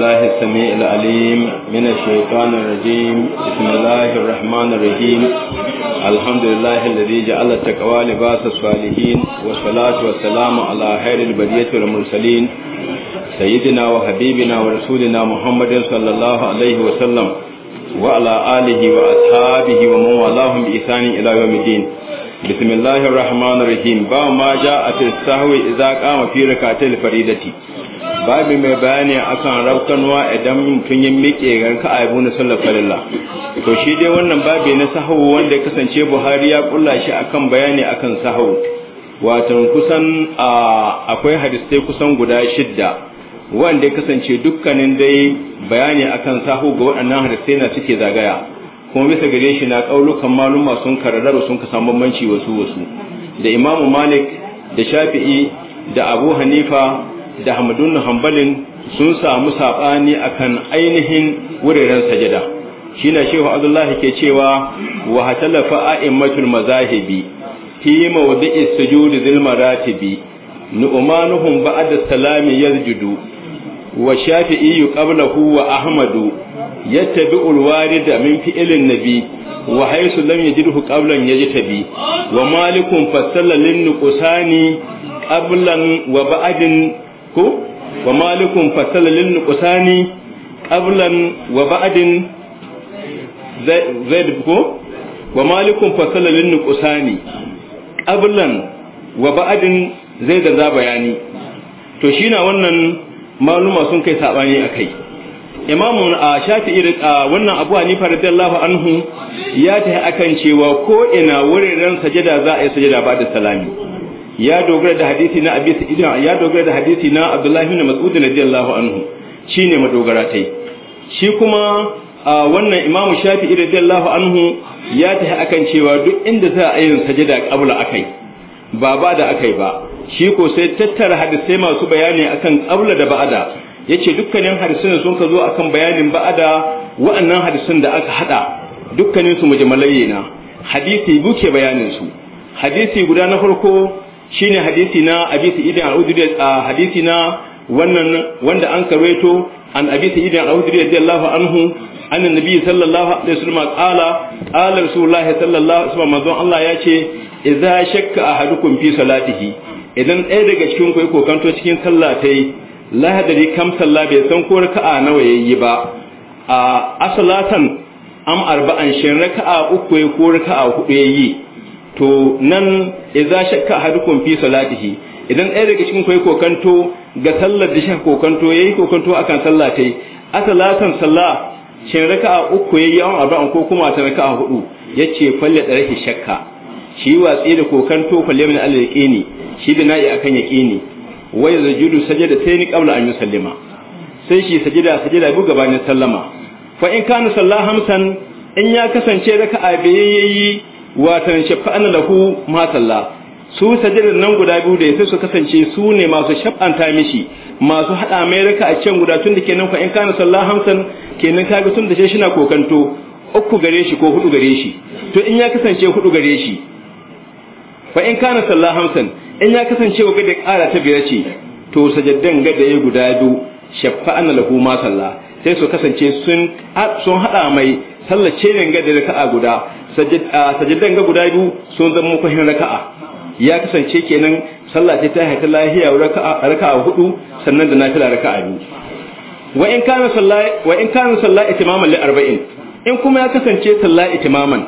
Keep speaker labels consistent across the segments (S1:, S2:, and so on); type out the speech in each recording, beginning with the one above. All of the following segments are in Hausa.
S1: بالله السميع العليم من الشيطان الرجيم بسم الله الرحمن الرحيم الحمد لله الذي جعل التقوى لباس الصالحين والصلاة والسلام على خير البرية والمرسلين سيدنا وحبيبنا ورسولنا محمد صلى الله عليه وسلم وعلى آله وأصحابه ومن والاهم بإحسان إلى يوم الدين بسم الله الرحمن الرحيم باب ما جاء في السهو اذا قام في ركعتي الفريدة babu mai bayani akan rakanwa idan mutum yi miƙe ranka a yabu na sallar falilla to shi dai wannan babu na sahwu wanda ya kasance buhari ya kulla shi akan bayani akan sahwu watan kusan akwai hadisai kusan guda shidda wanda ya kasance dukkanin dai bayani akan sahwu ga waɗannan hadisai na suke zagaya kuma bisa gare shi na kaulukan maluma sun karrara sun ka samu bambanci wasu wasu da imamu malik da shafi'i da abu hanifa da hamadun hanbalin sun samu saɓani akan ainihin wuraren sajada shi na shehu abdullahi ke cewa wa fa'a'in matul mazahibi fi mawadi'i sujudi zil maratibi nu'manuhum ba'da salami yasjudu wa shafi'i qablahu wa ahmadu yattabi'u alwarida min fi'lin nabi wa haythu lam yajidhu qablan yajtabi wa malikun fassala lin nuqsani wa malikun fassala lin nuqsani qablan wa ba'din zaid ko bayani to shi na wannan maluma sun kai sabani akai imamu uh, a shafi irin uh, wannan abu hanifa faradallahu anhu ya ta akan cewa ko ina ran sajada za a yi sajada ba da salami ya dogara da hadisi na abi sa'id uh, ya dogara da hadisi na abdullahi ibn mas'ud radiyallahu anhu shine madogara tai shi kuma wannan imamu irin radiyallahu anhu ya ta akan cewa duk inda za a yi sajada qabla akai ba ba da akai ba shi ko sai tattara hadisai masu bayani akan qabla da ba'ada yace dukkanin hadisin sun ka zo akan bayanin ba'ada wa'annan hadisin da aka hada dukkanin su mujmalai ne hadisi buke bayanin su hadisi guda na farko shine hadisi na abi sa'id al-udri hadisi na wannan wanda an karwaito an abi sa'id al-udri radiyallahu anhu anna النبي sallallahu alaihi wasallam qala qala قال sallallahu alaihi wasallam الله عليه وسلم الله يأتي إذا شك أحدكم idan ɗaya daga cikin ku ya kokanto cikin sallah ta yi lahadari kam sallah bai san ko raka'a nawa ya yi ba a asalatan am arba'an shin raka'a uku ya ko raka'a hudu yi, to nan idza shakka hadukun fi salatihi idan ɗaya daga cikin ku ya kokanto ga sallar da shi kokanto yi kokanto akan sallah ta yi asalatan sallah shin raka'a uku yi am arba'an ko kuma ta raka'a hudu ce falle da rake shakka shi watsi da kokanto tofa lemin Allah kini shi da bina'i akan kini wai zajudu sajada ni qabla an yusallima sai shi sajada sajada bu gabanin sallama fa in kana salla hamsan in ya kasance raka raka'a bayyayi watan shafa'an lahu ma salla su sajada nan guda biyu da sai su kasance su ne masu shaf'anta mishi masu hada mai a can guda tun da kenan fa in kana salla hamsan kenan kaga tun da shi na kokanto uku gare shi ko hudu gare shi to in ya kasance hudu gare shi fa in kana sallah hamsan in ya kasance wa gada ƙara ta biyar ce to sajaddan gada ya guda biyu shafa'an lahu ma sallah sai su kasance sun sun hada mai sallar ceren gada raka'a guda sajaddan ga guda biyu sun zama kwahin raka'a ya kasance kenan sallah ce ta haita lahiya raka'a raka'a hudu sannan da nafila raka'a biyu wa in kana sallah wa in kana sallah itimaman li arba'in in kuma ya kasance sallah itimaman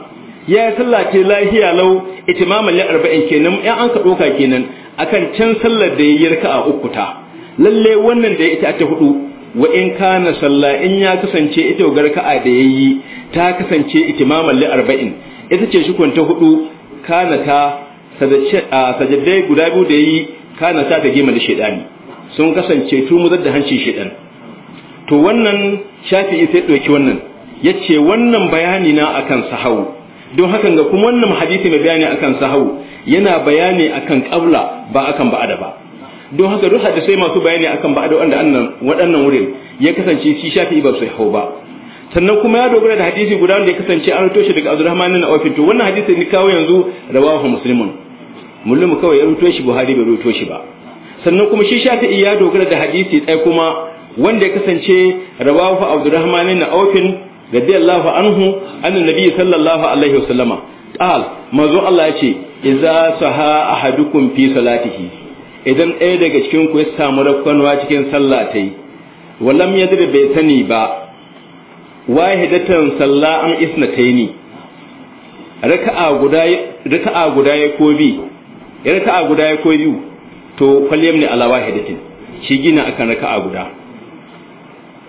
S1: ya yi sallah ce lahiya lau itimaman arba'in kenan in an ka doka kenan akan can sallar da ya yi a uku ta lalle wannan da ya ita ta hudu wa in kana sallah in ya kasance ita ga a da ya yi ta kasance itimaman li arba'in ita ce shi ta hudu kana ta sajadai guda biyu da ya yayi kana ta ta gima da shaidani sun kasance tumuzar da hanci shaidan to wannan shafi shafi'i sai ɗauki wannan yace wannan bayani na akan sahau don hakan ga kuma wannan hadisi mai bayani akan sahawu yana bayani akan qabla ba akan ba'ada ba don haka duk hadisai masu bayani akan ba'ada wanda annan waɗannan wurin ya kasance shi shafi ba sai hau ba sannan kuma ya dogara da hadisi guda wanda ya kasance an rito shi daga Abdurrahman bin Auf to wannan hadisi ne kawo yanzu rawahu muslimun mulmu kawai ya rito shi Buhari bai rito shi ba sannan kuma shi shafi ya dogara da hadisi tsaye kuma wanda ya kasance rawahu Abdurrahman bin Auf radiyallahu anhu annan nabi sallallahu alaihi wasallama qal manzo Allah yace idza saha ahadukum fi salatihi idan ɗaya daga cikin ku ya samu cikin sallah tai yadri bai sani ba raka'a guda raka'a guda ya ko bi to ala wahidatin shi gina akan raka'a guda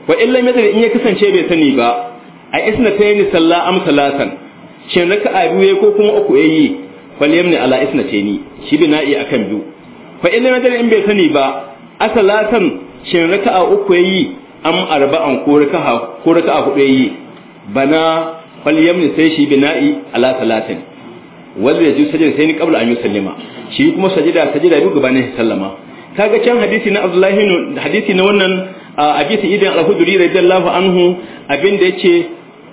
S1: wa illa in ya kasance bai sani ba a isna isnatayn salla am salatan ka abu ya ko kuma uku yi yayi falyamni ala isna isnatayni shi bi a akan biyu fa in lam in bai sani ba asalatan na ka uku yi am arba'an ko raka ko raka'a hudu yi bana falyamni sai shi bi na'i ala salatan wanda ji sajida sai ni kabla an sallama shi kuma sajida sajida biyu gabanin sallama kaga can hadisi na Abdullahi hadisi na wannan abi idan al-khudri radiyallahu anhu abinda yake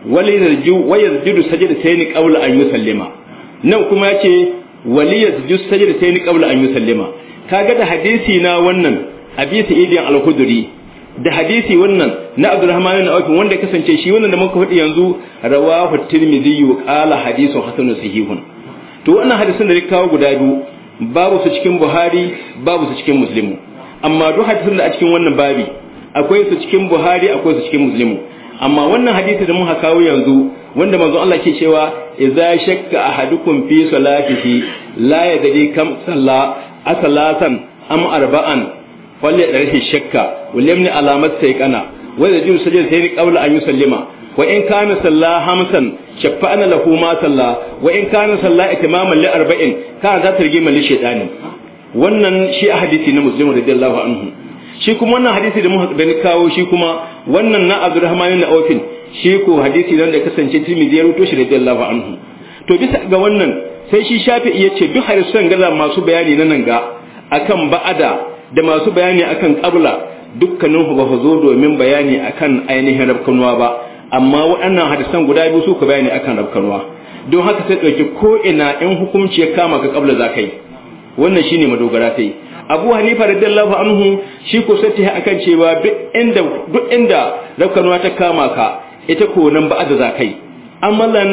S1: wali yarju wa yasjudu sajdatayn qabla an yusallima nan kuma yace wali yasjudu sayni qabla an yusallima kaga da hadisi na wannan abi sa'id al-khudri da hadisi wannan na Abdurrahman bin awf wanda kasance shi wannan da muka fadi yanzu rawahu Tirmidhi wa qala hadithu hasanun sahihun to wannan hadisin da kawo guda biyu babu su cikin Buhari babu su cikin muslimu amma duk hadisin da a cikin wannan babi akwai su cikin Buhari akwai su cikin muslimu amma wannan hadisi da muka kawo yanzu wanda manzo Allah ke cewa idza shakka ahadukum fi salatihi la yadri kam salla asalatan am arba'an falle darhi shakka walimni alamat sai kana wanda jin sujud sai qawla an yusallima wa in kana salla hamsan shaffa'ana lahu ma salla wa in kana salla itimaman li arba'in ka za ta rige mali shaytani wannan shi a hadisi na muslim radiyallahu anhu shi kuma wannan hadisi da muka kawo shi kuma wannan na Abdurrahman ibn Awf shi ko hadisi nan da kasance Tirmidhi ya rubuto shi radiyallahu anhu to bisa ga wannan sai shi Shafi'i ce duk hadisan gaza masu bayani na nan ga akan ba'ada da masu bayani akan qabla dukkanin ba zo domin bayani akan ainihin rabkanuwa ba amma waɗannan hadisan guda biyu su ka bayani akan rabkanuwa don haka sai ɗauki ko ina in hukunci ya kama ka kabla za ka yi wannan shine madogara sai abu hanifa radiyallahu anhu shi ko sai akan cewa duk inda duk inda rakkanuwa ta kama ka ita ko nan ba da zakai amalan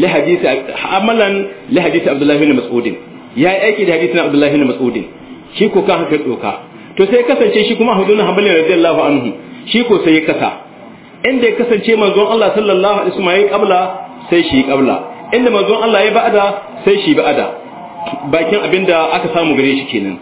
S1: li hadisi amalan li hadisi abdullahi bin mas'ud ya yi aiki da hadisin abdullah bin mas'ud shi ko ka haka doka to sai kasance shi kuma hudun hanbali radiyallahu anhu shi ko sai ya kasa inda ya kasance manzon Allah sallallahu alaihi wasallam ya qabla sai shi qabla inda manzon Allah ya ba'ada sai shi ba'ada bakin abinda aka samu gare shi kenan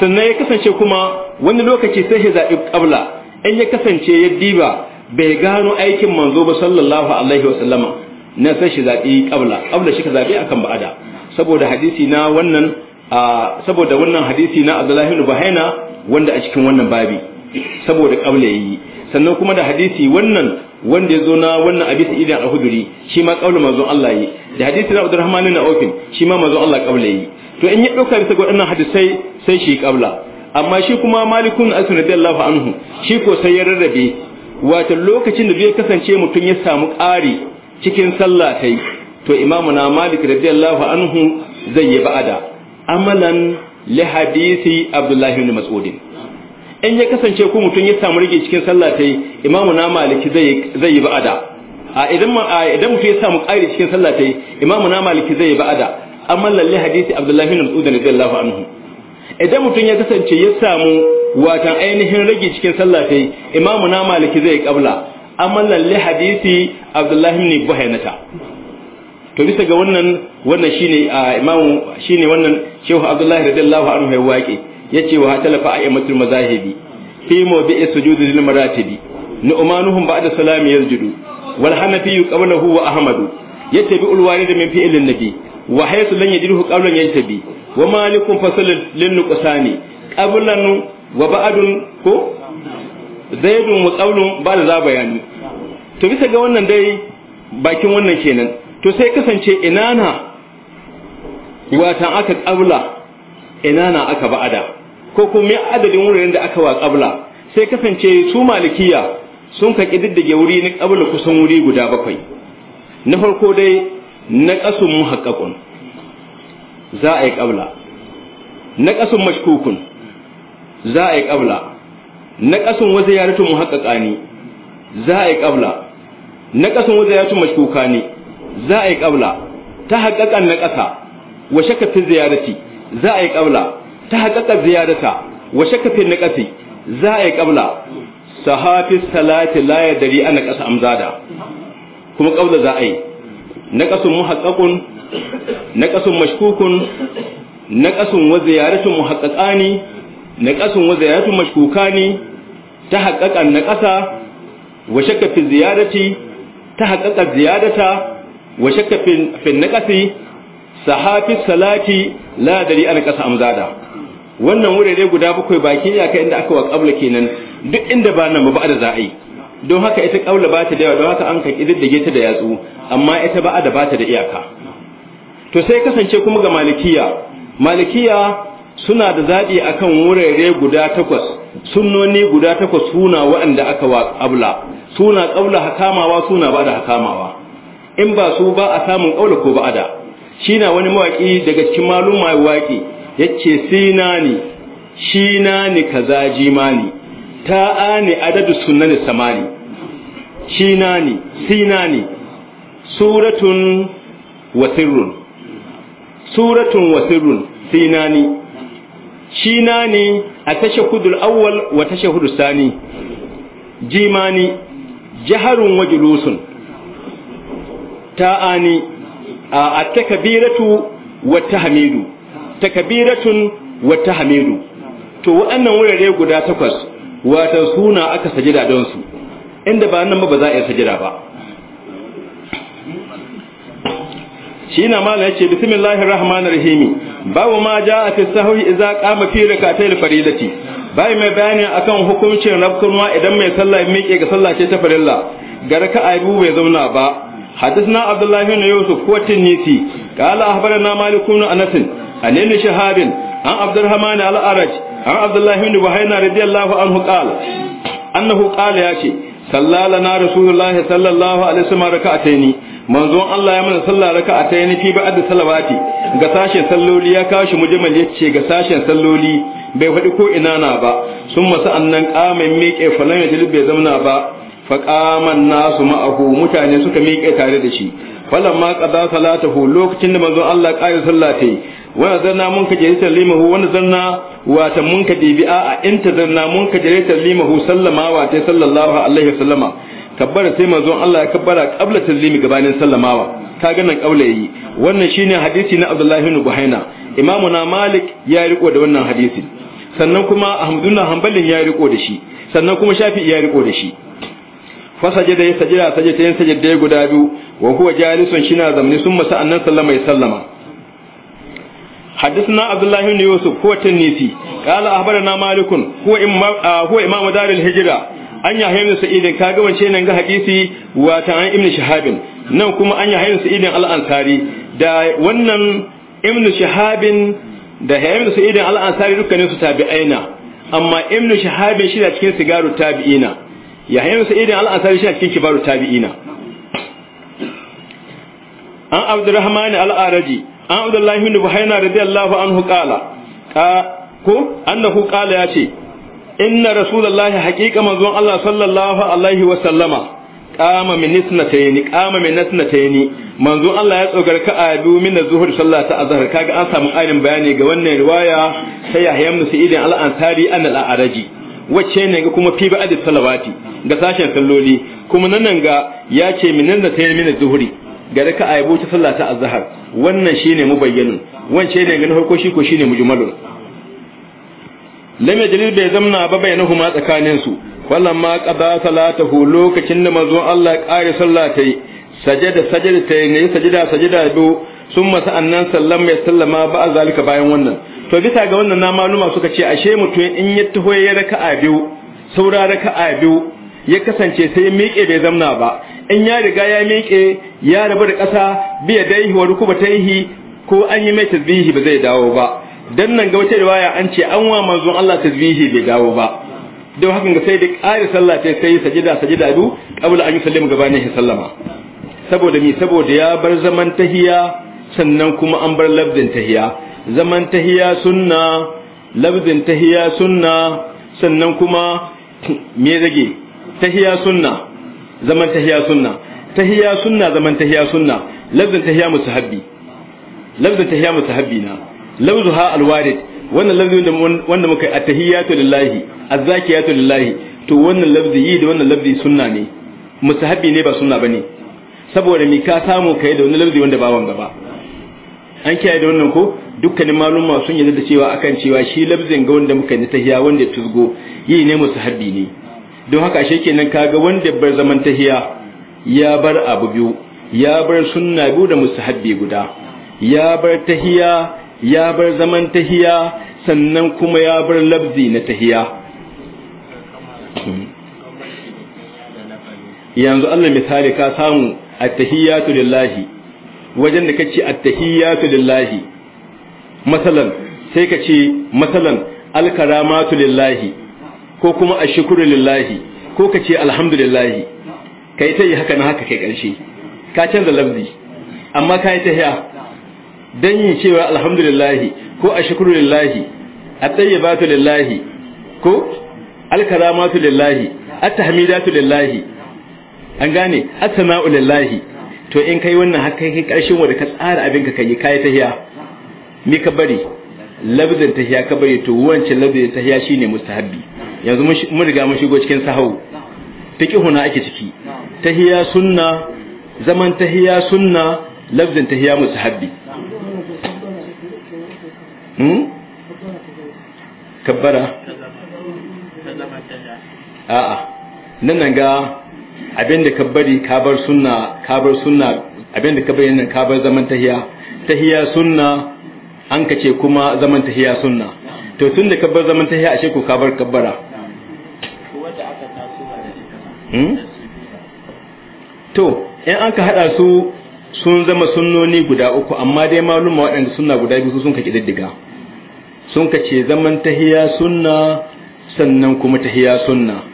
S1: sannan ya kasance kuma wani lokaci sai ya zaɓi ƙabla in ya kasance ya diba bai gano aikin manzo ba sallallahu alaihi wasallama na sai shi zaɓi ƙabla ƙabla shi ka zaɓi akan ba'ada saboda hadisi na wannan saboda wannan hadisi na Abdullahi ibn bahaina wanda a cikin wannan babi saboda ƙabla yayi sannan kuma da hadisi wannan wanda ya zo na wannan abi idan al-huduri shi ma ƙabla manzo Allah yi da hadisi na Abdurrahman ibn Auf shi ma manzo Allah ƙabla yi to in ya ɗauka bisa ga waɗannan hadisai sai shi kabla amma shi kuma malikun asin radiyallahu anhu shi ko sai ya rarrabe wato lokacin da zai kasance mutum ya samu ƙari cikin sallah yi to imamu na malik radiyallahu anhu zai yi ba'ada amalan li hadisi abdullahi ibn mas'ud in ya kasance ko mutum ya samu rage cikin sallah yi imamu na maliki zai zai yi ba'ada a idan idan mutum ya samu ƙari cikin sallah yi imamu na maliki zai yi ba'ada amma lalle hadisi abdullahi bin mas'ud Allahu anhu idan mutum ya kasance ya samu watan ainihin rage cikin sallah sai imamu na maliki zai kabla amma lalle hadisi abdullahi bin buhainata to bisa ga wannan wannan shine imamu shine wannan shehu abdullahi radiyallahu anhu ya waki yace wa talafa a'immatul mazahibi fi mawdi'i sujudi lil maratibi nu'manuhum ba'da salami yasjudu wal hanafi qablahu wa ahmadu yattabi'u al warid min an nabi wa haythu lan yajruhu qawlan yantabi wa malikum fasal lin nuqsani qablan wa ba'dun ko zaidun wa qawlun ba da za bayani to bisa ga wannan dai bakin wannan kenan to sai kasance inana watan aka qabla inana aka ba'ada ko kuma adadin wurin da aka wa qabla sai kasance su malikiya sun ka kididdige wuri na qabla kusan wuri guda bakwai na farko dai Na naqasun muhaqqaqun za a yi ƙabla, na naqasun mashkukun za a yi ƙabla, na qabla naqasun waziyaratu muhaqqaqani za a yi ƙabla, na qabla naqasun mashkuka mashkukani za a yi ƙabla, ta haƙaƙan na ƙasa, wa shakka fi ziyarati za a yi ƙabla, ta haqqaqa ziyarata wa shakka fi ƙasi, za a yi qabla sahafi salati la yadri ana ƙasa amzada kuma ƙabla za a yi نقص محقق نقص مشكوك نقص وزيارة محققان نقص وزيارة مشكوكان تحقق النقص وشك في الزيارة تحقق الزيادة وشك في النقص sahafi الصلاة لا دليل ana kasa amzada wannan wurare guda bakwai baki ya kai inda aka wa kabla kenan duk inda ba nan ba ba da za'a don haka ita kaula ba ta da yawa don haka an ka kididdige ta da yatsu amma ita ba da ba da iyaka to sai kasance kuma ga malikiya malikiya suna da zaɓi akan wurare guda takwas sunnoni guda takwas suna waɗanda aka wa abla suna kaula hakamawa suna ba da hakamawa in ba su ba a samun kaula ko ba shi na wani mawaki daga cikin maluma waƙi yace sinani shinani kaza jimani ta ani adadu sunan samani shinani sinani suratun wasirun suratun wasirrun sinani shinani a tashahudul awwal wa tashahudus sani jimani jaharun wajulusun ta'ani a takabiratu wa tahmidu takabiratun wa tahmidu to waɗannan wurare guda takwas wata suna aka sajida don su inda ba nan ba za a yi sajida ba shi na malam yace bismillahir rahmanir rahim babu ma jaa fi sahwi idza qama fi rak'atayl faridati bai mai bayani akan hukuncin rabkunwa idan mai sallah ya miƙe ga sallah ce ta farilla ga raka'a biyu bai zauna ba hadisna abdullahi الله yusuf يوسف والتنيسي qala ahbarana malikun anas أنس shahabin an abdurrahman al عبد an abdullahi ibn buhaina radiyallahu anhu qala annahu qala yace sallalana rasulullahi sallallahu alaihi wasallam raka'ataini manzon Allah ya mana sallah raka'ataini fi ba'd salawati ga sashen salloli ya kashi mujmal yace ga sashen salloli bai faɗi ko ina na ba sun masu annan ƙamin miƙe falon ya bai zamna ba faƙaman nasu ma'ahu mutane suka miƙe tare da shi falon ma ƙada salatahu lokacin da manzon Allah ƙari sallah ta yi wanda zanna mun ka jere hu wanda zanna wata mun ka dibi a inta ta zanna mun ka jere tallimahu sallama wata sallallahu alaihi sallama kabbara sai manzon Allah ya kabbara qabla tallimi gabanin sallamawa ka ga nan kaula yi wannan shine hadisi na Abdullahi ibn Buhaina imamu na Malik ya riko da wannan hadisi sannan kuma Ahmadullah Hanbalin ya riko da shi sannan kuma Shafi'i ya riko da shi fasaje da ya sajada saje ta yin sajada guda biyu wa huwa jalisun shina zamni summa sa'annan sallama ya sallama حدثنا عبد الله بن يوسف هو التنيسي قال أخبرنا مالك هو إمام هو إمام دار الهجرة an yahya ibn sa'id kaga wance nan ga hadisi wata an ibn shahabin nan kuma an yahya ibn sa'id al-ansari da wannan ibn shahabin da yahya ibn sa'id al-ansari dukkanin su tabi'aina amma ibn shahabin shi da cikin sigaru tabi'ina yahya ibn sa'id al shi da cikin kibaru tabi'ina an abdurrahman al-araji an abdullahi ibn buhaina radiyallahu anhu qala ko annahu qala yace inna rasulullahi haqiqa manzon Allah sallallahu alaihi wa sallama qama min nisnatayni qama min nisnatayni manzon Allah ya tsogar ka a domin min zuhur sallah ta azhar kaga an samu arin bayani ga wannan riwaya ta Yahya ibn idan al-Ansari an al-Araji wacce ne ga kuma fi ba'd salawati ga sashen salloli kuma nan ga ya ce min nisnatayni min zuhuri gare ka a yabo ta sallah ta azhar wannan shine mubayyanun wance ne ganin farko shi ko shine mujmalun lam yajlil bai zamna ba bainahuma tsakanin su falamma qada salatahu lokacin da mazo Allah kare sallah tai sajada sajada tai ne sajada sajada do sun masa annan sallan ya sallama ba a zalika bayan wannan to bisa ga wannan na maluma suka ce ashe mutum in ya taho ya raka'a biyu saura raka'a biyu ya kasance sai miƙe bai zamna ba in ya riga ya miƙe ya rabu da ƙasa biya daihi wa rukubataihi ko an yi mai tasbihi ba zai dawo ba dan nan ga wata riwaya an ce an wa manzon Allah tasbihi bai dawo ba don hakan ga sai da ƙari sallah ta sai sajida sajida du qabla an yusallimu gabanin sallama saboda mi saboda ya bar zaman tahiya sannan kuma an bar labdin tahiya zaman tahiya sunna labdin tahiya sunna sannan kuma me zage tahiya sunna zaman tahiya sunna tahiya sunna zaman tahiya sunna lafzin tahiya musahabbi lafzin tahiya musahabbi na lafzuha alwarid wannan lafzin wanda muka yi lillahi azzakiyatu lillahi to wannan lafzi yi da wannan lafzi sunna ne musahabbi ne ba sunna bane saboda me ka samu kai da wani lafzi wanda ba wanga ba an kiyaye da wannan ko dukkanin malumma sun yarda da cewa akan cewa shi lafzin ga wanda muka yi tahiya wanda ya tusgo yi ne musahabbi ne don haka ashe kenan kaga wanda bar zaman tahiya ya bar abu biyu ya bar sunna biyu da musahabbi guda ya bar tahiya ya bar zaman tahiya sannan kuma ya bar labzi na tahiya yanzu Allah misali ka samu at-tahiyatu lillahi wajen da kace at-tahiyatu lillahi masalan sai kace masalan al-karamatu lillahi ko kuma a shukuru lillahi ko ka ce alhamdulillahi ka yi ta yi haka na haka kai ƙarshe ka canza lafzi amma ka yi ta hiya don yin cewa alhamdulillahi ko a shukuru lillahi a tsaye ba tu lillahi ko alkaramatu lillahi at-tahmidatu lillahi an gane as-sana'u lillahi to in kai wannan haka kai ƙarshen wanda ka tsara abin ka kai kai ta ya ni ka bari labzin tahiya ka bari to wancan labzin tahiya shine mustahabbi yanzu mun riga mun shigo cikin sahau fiqhuna ake ciki tahiya sunna zaman tahiya sunna labzin tahiya mustahabbi hmm kabbara a'a nan nan ga abinda kabbari kabar sunna kabar sunna abinda kabbari nan kabar zaman tahiya tahiya sunna an ka ce kuma zaman tahiya sunna to tun da kabbar zaman tahiya ashe ko ka bar kabbara hmm? to in an ka hada su sun zama sunnoni guda uku amma dai maluma waɗanda sunna guda biyu sun ka kididdiga sun ka ce zaman tahiya sunna sannan kuma tahiya sunna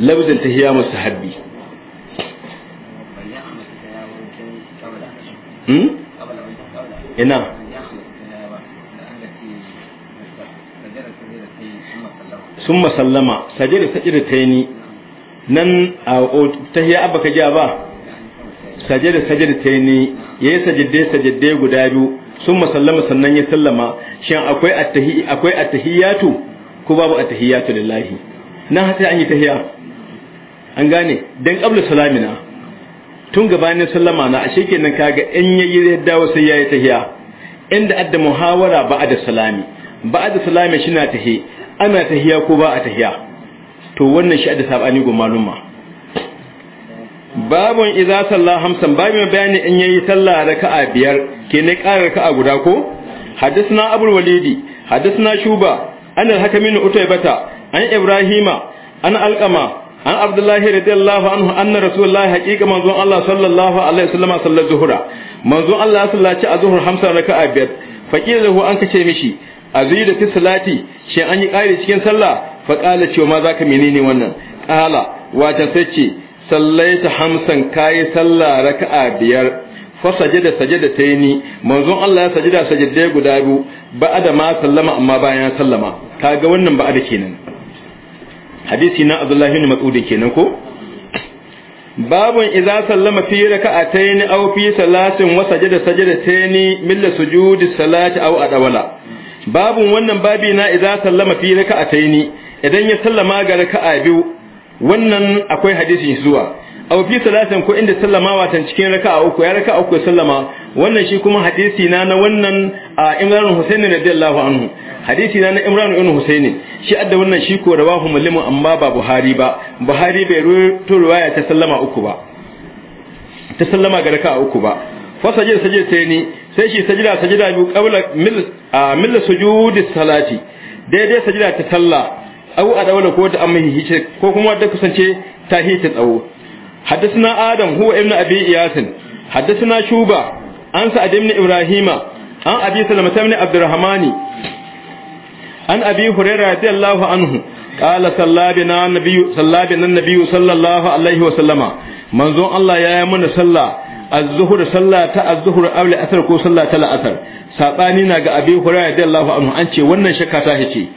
S1: labzin tahiya musu habbi hmm? ina sun masallama saje da sajida ta yi nan a ta hiya abba ka jiya ba saje da da ta yi ya yi sajidde sajidde guda biyu sun masallama sannan ya sallama shin akwai a akwai attahiyatu ko babu attahiyatu lillahi nan sai an yi ta tahiya an gane dan qabla salamina tun gabanin sallama na ashe kenan kaga in yayi dawo sai yayi tahiya inda adda muhawara ba'da salami ba'da salami shi na tahi ana tahiya ko ba a tahiya to wannan shi da sabani go malumma babun idza salla hamsan babu mai bayani in yayi salla raka'a biyar ke ne ƙara raka'a guda ko hadisna abul walidi hadisna shuba an al-hakim bin utaybata an ibrahima an alqama an abdullahi radiyallahu anhu anna rasulullahi haqiqa manzon Allah sallallahu alaihi wasallam sallar zuhura manzon Allah sallaci a zuhur hamsan raka'a biyar faqila an kace mishi azida fi salati shin an yi ƙari cikin sallah fa qala cewa ma zaka menene wannan qala wata sace sallaita hamsan kai sallah raka'a biyar fa sajada sajada tayni manzon Allah ya sajada sajada guda biyu ba'da ma sallama amma bayan sallama kaga wannan ba'da kenan hadisi na Abdullah ibn Mas'ud kenan ko babun idza sallama fi raka'atayn aw fi salatin wa sajada sajada tayni milla sujudi salati aw adawala babun wannan babi na idan sallama fi raka'ataini idan ya sallama ga raka'a biyu wannan akwai hadisin zuwa aw fi salatin ko inda sallama watan cikin raka'a uku ya raka'a uku sallama wannan shi kuma hadisi na na wannan Imran Husaini radiyallahu anhu hadisi na na Imran ibn Husaini shi adda wannan shi ko rawahu muslim amma ba Buhari ba Buhari bai ruwaya riwaya ta sallama uku ba ta sallama ga raka'a uku ba fa sajid sajid sai ni sai shi sajida sajida biyu qabla a milla sujudi salati daidai sajida ta sallah au a dawala ko ta amma hice ko kuma da kusance ta hice tsawo haddathana adam huwa ibnu abi yasin haddathana shuba an sa'ad ibn ibrahima an abi salama ibn abdurrahmani an abi hurairah radiyallahu anhu qala sallabina nabiyyu sallabina nabiyyu sallallahu alaihi wa sallama manzon Allah ya yi mana sallah az-zuhr sallah ta az-zuhr aw ko sallah ta la'asar, saɓani na ga abi hurairah radiyallahu anhu an ce wannan shakka ta hice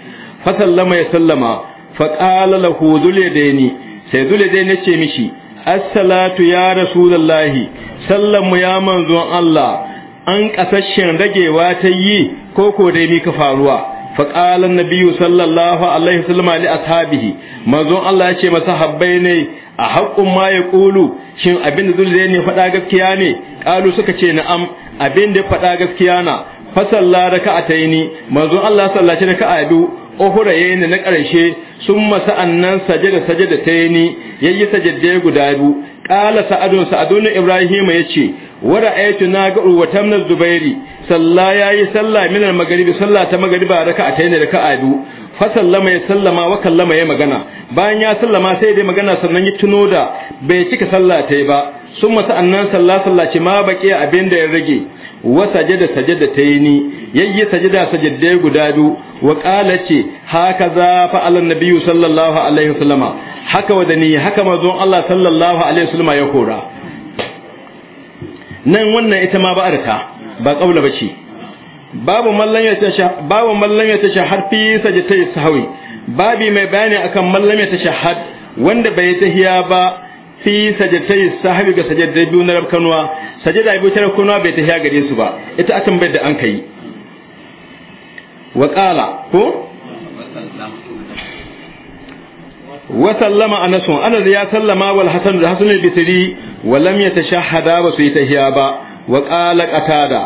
S1: fa sallama ya sallama fa qala lahu zuladaini sai zuladaini ya ce mishi as-salatu ya rasulullahi sallamu ya manzon Allah an kasashen ragewa ta yi ko ko dai mika faruwa fa ƙalan na biyu sall allahu alaihi salamani asabihi maizon allah ce ma su a bai ne a haƙƙun maye kulu shin abinda zuzane ne faɗa gaskiya ne ƙalu suka ce na'am am abinda faɗa gaskiya na. fasalla raka'ataini manzo Allah sallaci raka'a biyu ohura yayin na karshe summa sa'annan sajada sajada tayni yayi sajadai guda biyu qala sa'adun sa'adun ibrahim yace wa ra'aytu naga urwatan tamna zubairi salla yayi salla min al-maghribi salla ta maghriba raka'ataini da biyu fa sallama ya sallama wa kallama ya magana bayan ya sallama sai dai magana sannan ya tuno da bai cika salla ta ba summa sa'annan salla ce ma baki abinda ya rage wa sajada sajada ta yi ni yayye sajada sajada guda biyu wa qala ce haka za fa alan nabiyyu sallallahu alaihi wasallama haka wadani haka mazon Allah sallallahu alaihi wasallama ya kora nan wannan ita ma arka ba kaula bace babu mallan ya tasha babu mallan ya tasha fi sajada sahwi babi mai bayani akan mallan ya tasha wanda bai tahiya ba fi sajadai sahabi ga sajadai biyu na rabkanuwa sajada biyu ta rabkanuwa bai ta gare su ba ita atin bai da an kai wa qala ko wa sallama anas anas ya sallama wal hasan da hasan al-bisri wa lam yatashahhada wa su tahiya ba wa qala qatada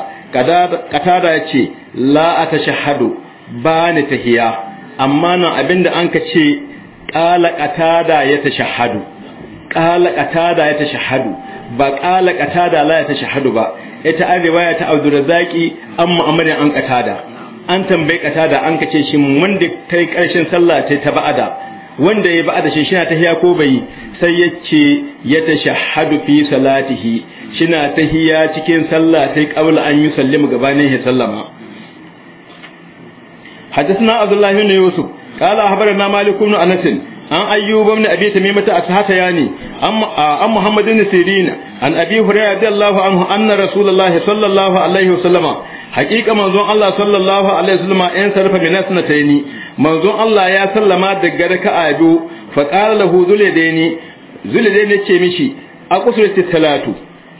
S1: qatada yace la atashahhadu ba ni tahiya amma nan abinda an ka ce qala qatada ya tashahhadu qala qatada ya ta shahadu. ba qala qatada la ya shahadu ba ita an riwaya ta Abdurrazzaqi an Muhammad an qatada an tambayi qatada an kace shi wanda kai karshen sallah ta ta ba'ada wanda ya ba'ada shi shina tahiya ko bai sai yace ya ta shahadu fi salatihi shina tahiya cikin sallah sai qabla an sallama gabanin ya sallama حدثنا عبد الله بن يوسف قال أخبرنا مالك بن an ayyuba ibn abi ta as yani an muhammad ibn sirin an abi hurairah radiyallahu anhu anna rasulullahi sallallahu alaihi wasallama haqiqa manzon Allah sallallahu alaihi wasallama in sarfa min asnataini manzon Allah ya sallama daga raka abu. fa qala lahu zuladaini zuladaini ce mishi aqusrati salatu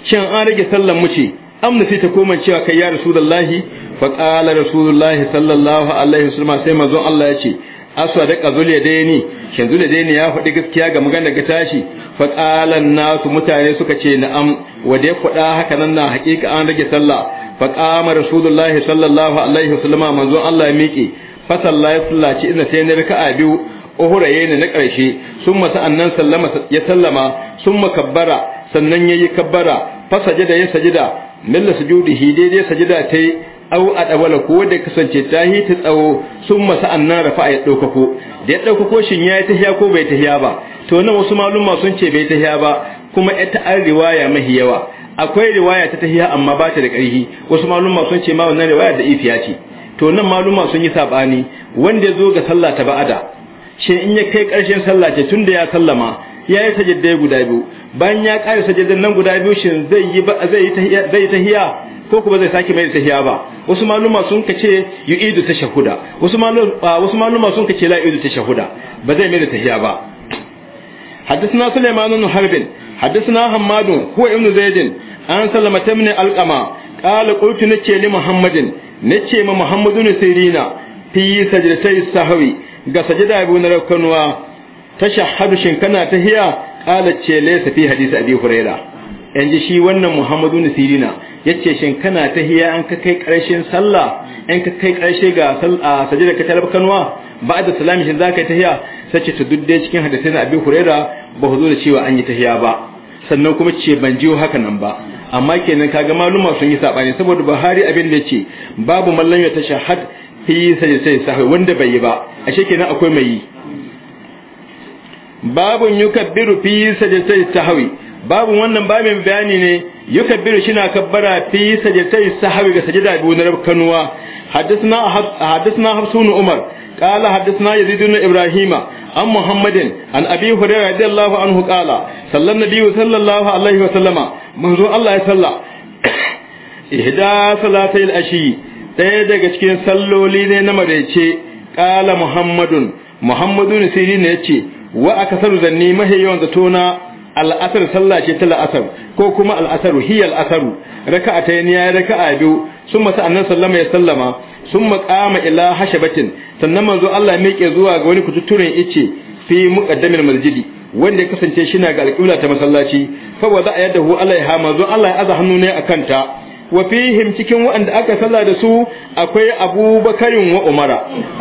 S1: shin an rage sallan mu ce amna sai ta koma cewa kai ya rasulullahi fa qala rasulullahi sallallahu alaihi wasallama sai manzon Allah ya ce dai ni shin ni ya faɗi gaskiya ga maganar ga tashi fa qalan nasu mutane suka ce na'am wa dai faɗa haka nan na haƙiƙa an rage sallah fa qama rasulullahi sallallahu alaihi wasallam manzo Allah ya miƙe fa sallallahi sallaci inda sai na raka'a biyu uhuraye ne na ƙarshe sun masa annan sallama ya sallama sun makabbara sannan yayi yi kabbara fa sajada ya sajada milla sujudihi daidai sajida ta yi au a dawala ko da kasance ta yi ta tsawo sun masa annan rafa ya ɗaukako da ya ɗaukako shin ya yi tahiya ko bai tahiya ba to nan wasu maluma sun ce bai tahiya ba kuma ta an riwaya mahi yawa akwai riwaya ta tahiya amma ba ta da ƙarfi wasu maluma sun ce ma wannan riwaya da ifiya ce to nan maluma sun yi sabani wanda ya zo ga sallah ta ba'ada shin in ya kai ƙarshen sallah ce tun da ya sallama ya yi sajidai guda biyu bayan ya ƙare sajidai nan guda biyu shin zai yi zai yi tahiya ko kuma zai sake mai tahiya ba wasu maluma sun ka ce yu'idu tashahuda wasu maluma wasu maluma sun ka ce la yu'idu tashahuda ba zai mai da tahiya ba haddathana sulaiman ibn harbin haddathana hammad huwa ibn zaid an sallama tamni alqama qala qultu nace ni muhammadin nace ma muhammadun sirina fi sajdatay sahwi ga sajda ibn rakanwa tashahhadu shin kana tahiya qala ce laysa fi hadith abi yan ji shi wannan Muhammadu na Sirina ya ce shi kana tahiya an ka kai karshen sallah an ka kai karshe ga sallah sajida ka talab kanwa da salami ta zaka tahiya sace ta dudde cikin hadisai na Abi Huraira ba hu da cewa an yi tahiya ba sannan kuma ce ban jiyo haka nan ba amma kenan kaga maluma sun yi saɓani, saboda Buhari abin da ce babu mallan ya tashahhad fi sai sai wanda bai yi ba ashe kenan akwai mai yi babun yukabbiru fi sajida sahwi babu wannan babin bayani ne yukabbiru shina kabbara fi sajdatai sahwi ga sajda Abu na rabkanuwa haddathna haddathna hafsun umar qala haddathna yazid ibn ibrahima an muhammadin an abi hurairah radiyallahu anhu qala sallan nabiyyu sallallahu alaihi wa sallama manzo Allah ya salla ihda salatil ashi daya daga cikin salloli ne na marece qala muhammadun muhammadun sirri ne yace wa akasaru zanni mahi yawan zatona al'asar sallah ce ta la'asar ko kuma al'asaru hiya al'asaru raka'a ta yani yayi raka'a biyu summa sa'annan sallama ya sallama summa qama ila hashabatin sannan manzo Allah miƙe zuwa ga wani kututturen ice fi muqaddamil masjidi wanda ya kasance shi na ga alƙibla ta masallaci fa za'a yadahu alaiha manzo Allah ya aza hannu ne akan ta wa fihim cikin waɗanda aka salla da su akwai abubakarin wa Umar.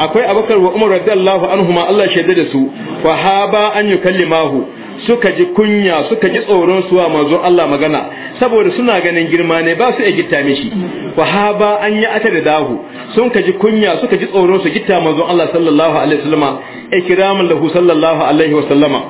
S1: akwai abubakar wa umar radiyallahu anhuma Allah shaida da su fa haba an yukallimahu suka ji kunya suka ji tsoron su wa manzon Allah magana saboda suna ganin girma ne ba su iya gitta mishi wahaba an yi ata da dahu sun ka ji kunya suka ji tsoron su gitta manzon Allah sallallahu alaihi wasallama ikraman lahu sallallahu alaihi wasallama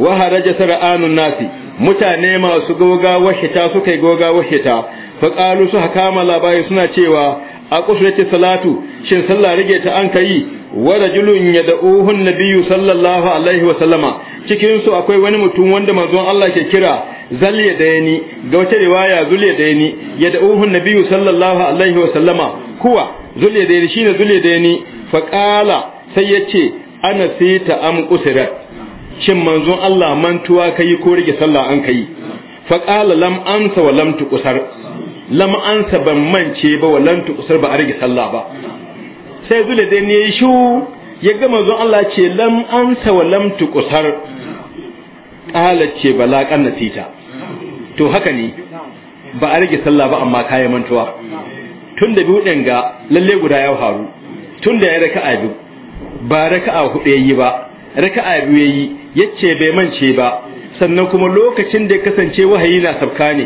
S1: wa haraja sar'anun nasi mutane masu goga wahita suka yi goga wahita fa qalu su hakama labai suna cewa a kusurati salatu shin sallah rage ta an kai wa rajulun yad'uhu nabiyyu sallallahu alaihi wa sallama cikin su akwai wani mutum wanda manzon Allah ke kira da dayani ga wata riwaya da dayani yad'uhu nabiyyu sallallahu alaihi wa sallama kuwa da dayani shine da dayani fa qala sai yace ana sita am kusirat shin manzon Allah mantuwa kai ko rage sallah an kai fa qala lam ansa wa lam tuqsar lam ansa ban mance ba wallan tukusar ba a rage sallah ba sai zule da ne shu ya ga manzon Allah ce lam ansa wa lam tukusar qala ce bala kannatita to haka ne ba a rage sallah ba amma kai mantuwa tun da biyu ga lalle guda ya faru tun da ya raka a biyu ba raka a hudu yayi ba raka a biyu yayi yace bai mance ba sannan kuma lokacin da ya kasance wahayi na sabka ne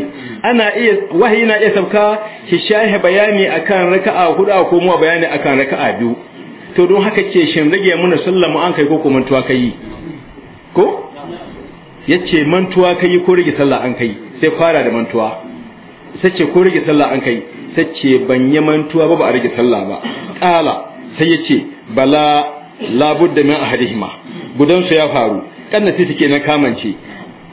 S1: ana iya wahayi na iya sabka shi shahi bayani akan raka'a hudu ko mu bayani akan raka'a biyu to don haka ke shin rage muna sallah mu an kai ko kuma mantuwa kai ko yace mantuwa kai ko rage sallah an kai sai fara da mantuwa sace ko rage sallah an kai sace ban yi mantuwa ba ba a rage sallah ba kala sai yace bala labudda min ahadihima gudan su ya faru kannati take na kamance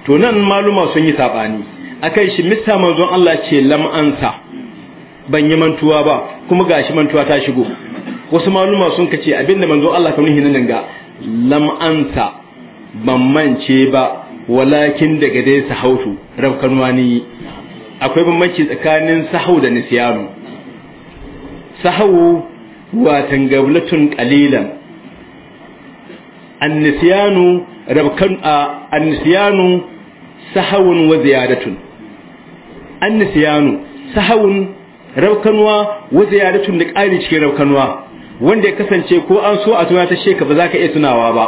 S1: to nan maluma sun yi sabani akai shi mista manzon Allah ce lam ansa ban yi mantuwa ba kuma gashi mantuwa ta shigo wasu maluma sun kace abinda manzon Allah ka nuhi nan ga lam ansa ban mance ba walakin daga dai sahautu rafkanuwa akwai bambanci tsakanin sahau da nisyanu sahau watan gablatun qalilan annisyanu rabkan annisyanu sahawun wa ziyadatun annisiyanu sahawun raukanwa wa ziyadatun da ƙari cikin raukanwa wanda ya kasance ko an so a ta sheka ba za ka iya tunawa ba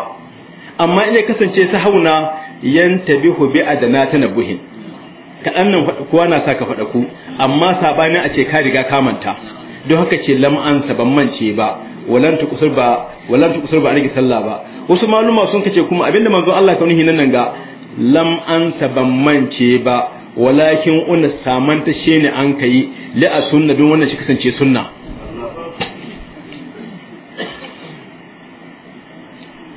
S1: amma in ya kasance sahawuna yantabihu bi adana tanabuhin kaɗan nan kowa na sa ka faɗa ku amma sabanin a ce ka riga ka manta don haka ce lam'an ban mance ba walan ta kusur ba walan kusur ba sallah ba wasu maluma sun kace kuma abinda manzo Allah ka nuhi nan ga lam ansa ban mance ba walakin una samanta shine an kai li a sunna don wannan shi kasance sunna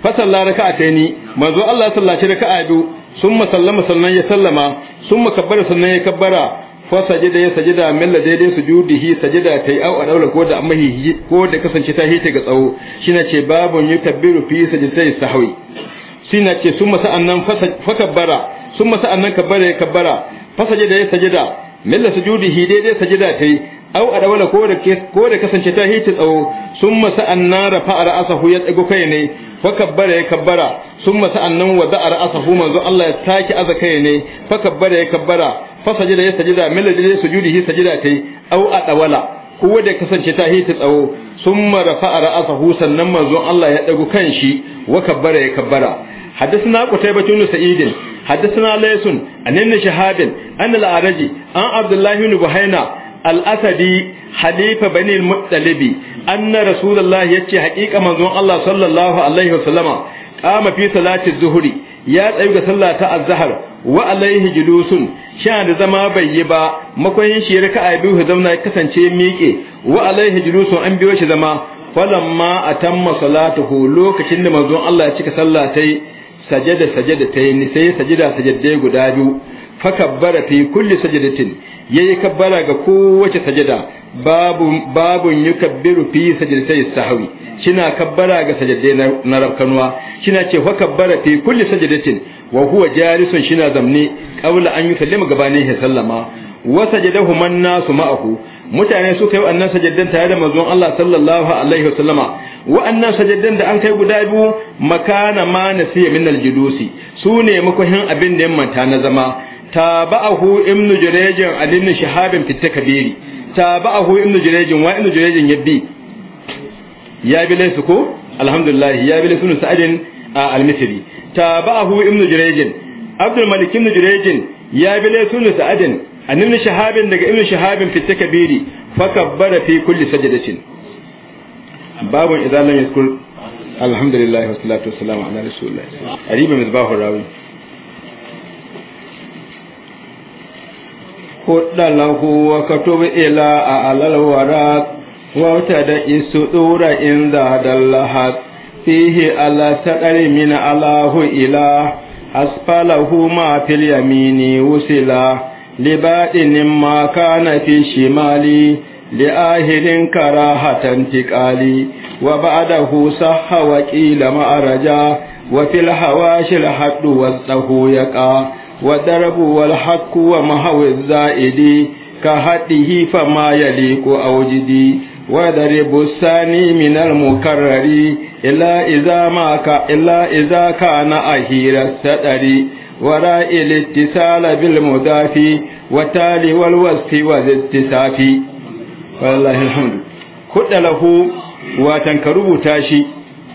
S1: fasalla raka'a ta ni manzo Allah sallaci raka'a biyu summa sallama sannan ya sallama summa kabbara sannan ya kabbara fa sajida ya sajida milla daidai hi sajida tai au adaula ko da amma ko da kasance ta hita ga tsawo shine ce babun yutabbiru fi sajidai sahwi Sina ce sun masa annan fakabbara sun masa annan kabbara ya kabbara fasaje da ya sajida milla sujudihi ya sajida ta yi au a dawala ko da kasance ta hiti tsawo sun masa annan rafa a ra'asahu ya tsago kai ne fakabbara ya kabbara sun masa annan wada a ra'asahu manzo Allah ya taki aza kai ne fakabbara ya kabbara fasaje da ya sajida milla sujudi hi sajida ta yi au a dawala ko da kasance ta hiti tsawo sun marafa a ra'asahu sannan manzo Allah ya dago kan shi wa kabbara ya kabbara حدثنا قتيبة بن سعيد حدثنا ليس عن ابن شهاب أن الأعرج عن عبد الله بن بهينة الأسدي حليف بني المطلب أن رسول الله يتي حقيقة منظوم الله صلى الله عليه وسلم قام في صلاة الظهر ya tsayu ga sallah ta azhar wa alaihi julusun sha da zama bai yi ba makoyin shi raka'a biyu zauna ya kasance miƙe wa hijiru julusun an biyo shi zama falamma atamma salatuhu lokacin da manzon Allah ya cika sallatai. sajada sajada ta yi sai sajada sajada guda biyu fa kabbara fi kulli sajadatin yayi kabbara ga kowace sajada babu babun yukabbiru fi sajadatai sahwi kina kabbara ga sajadai na rabkanuwa kina ce fa kabbara fi kulli sajadatin wa huwa jalisun shina zamne qawla an yusallima gabanin ya sallama wa sajadahu man nasu ma'ahu mutane su yi annan sajaddan tare da manzon Allah sallallahu alaihi wasallama wa'annan sajaddan da an kai guda biyu makana ma siya min aljudusi su ne makohin abin da yamma ta na zama tabahu ibnu jurejin alin shahabin fitta kabiri tabahu ibnu jurejin wa ibnu jurejin yabbi ya bi laisu ko alhamdulillah ya bi laisu sa'adin al-misri tabahu ibnu jurejin abdul malik ibnu jurejin ya bi laisu sa'adin an shahabin daga ibnu shahabin fitta kabiri fa kabbara fi kulli sajdatin babun idan lam yadhkur alhamdulillah wassalatu wassalamu ala rasulillah ariba misbahu rawi hudda lahu wa katub ila alal waraq wa tada isudura in da dallahat fihi ala taqari min alahu ila asfalahu ma fil yamini wusila libadin ma kana fi shimali لآهل كراهة انتقالي وبعده صح وقيل مع رجا وفي الحواش الحد والطه يقع والدرب والحق ومهو الزائد كحده فما يليق أوجدي ودرب الثاني من المكرر إلا إذا, ما ك... إلا إذا كان أهير السدر وراء الاتصال بالمضاف وتالي والوصف والاتصاف wallahi alhamdu kudda lahu watan ka rubuta shi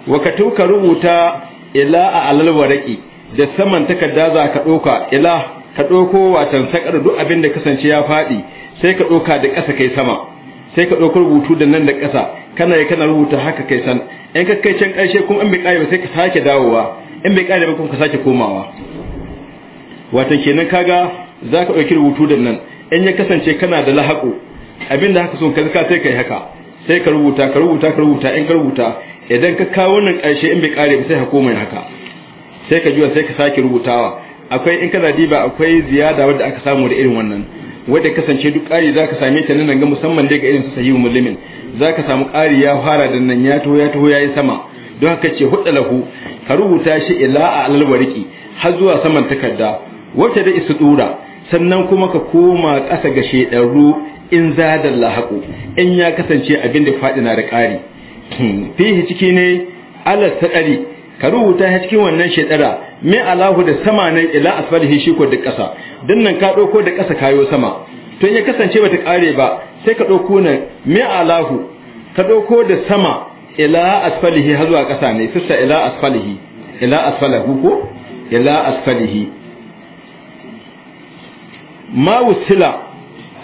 S1: wa ka tuka rubuta ila a alal waraki da saman takarda za ka doka ila ka doko watan sakar duk abin da kasance ya fadi sai ka doka da ƙasa kai sama sai ka ɗauki rubutu da nan da ƙasa kana yi kana rubuta haka kai san in ka kai can ƙarshe kuma in bai ƙare ba sai ka sake dawowa in bai ƙare ba kuma ka sake komawa wato kenan kaga za ka ɗauki rubutu da nan in ya kasance kana da lahaƙo abinda haka so ka zaka kai haka sai ka rubuta ka rubuta ka rubuta in ka rubuta idan ka kawo wannan karshe in bai kare ba sai ka koma haka sai ka juya sai ka sake rubutawa akwai in kana diba akwai ziyada wanda aka samu da irin wannan wanda kasance duk ƙari zaka same ta nan ga musamman daga irin su sahihu mulmin zaka samu ƙari ya fara da nan ya taho ya taho ya sama don haka ce hudalahu ka rubuta shi ila a alal har zuwa saman takarda wata da isu dura sannan kuma ka koma ƙasa ga shaidaru in zadan lahaku in ya kasance abin da faɗi na da ƙari hmm. fihi ciki ne alas ta ƙari ka rubuta ha cikin wannan shaidara, me alahu da sama nan ila asfalihi shi ko da ƙasa don nan ka ɗauko da ƙasa kayo sama in ya kasance bata ƙare ba sai ka ɗauko nan me alahu ka ɗauko da sama ila asfalihi har zuwa ƙasa ne sissa ila asfalihi ila asfalahu ko ila asfalihi ma wusila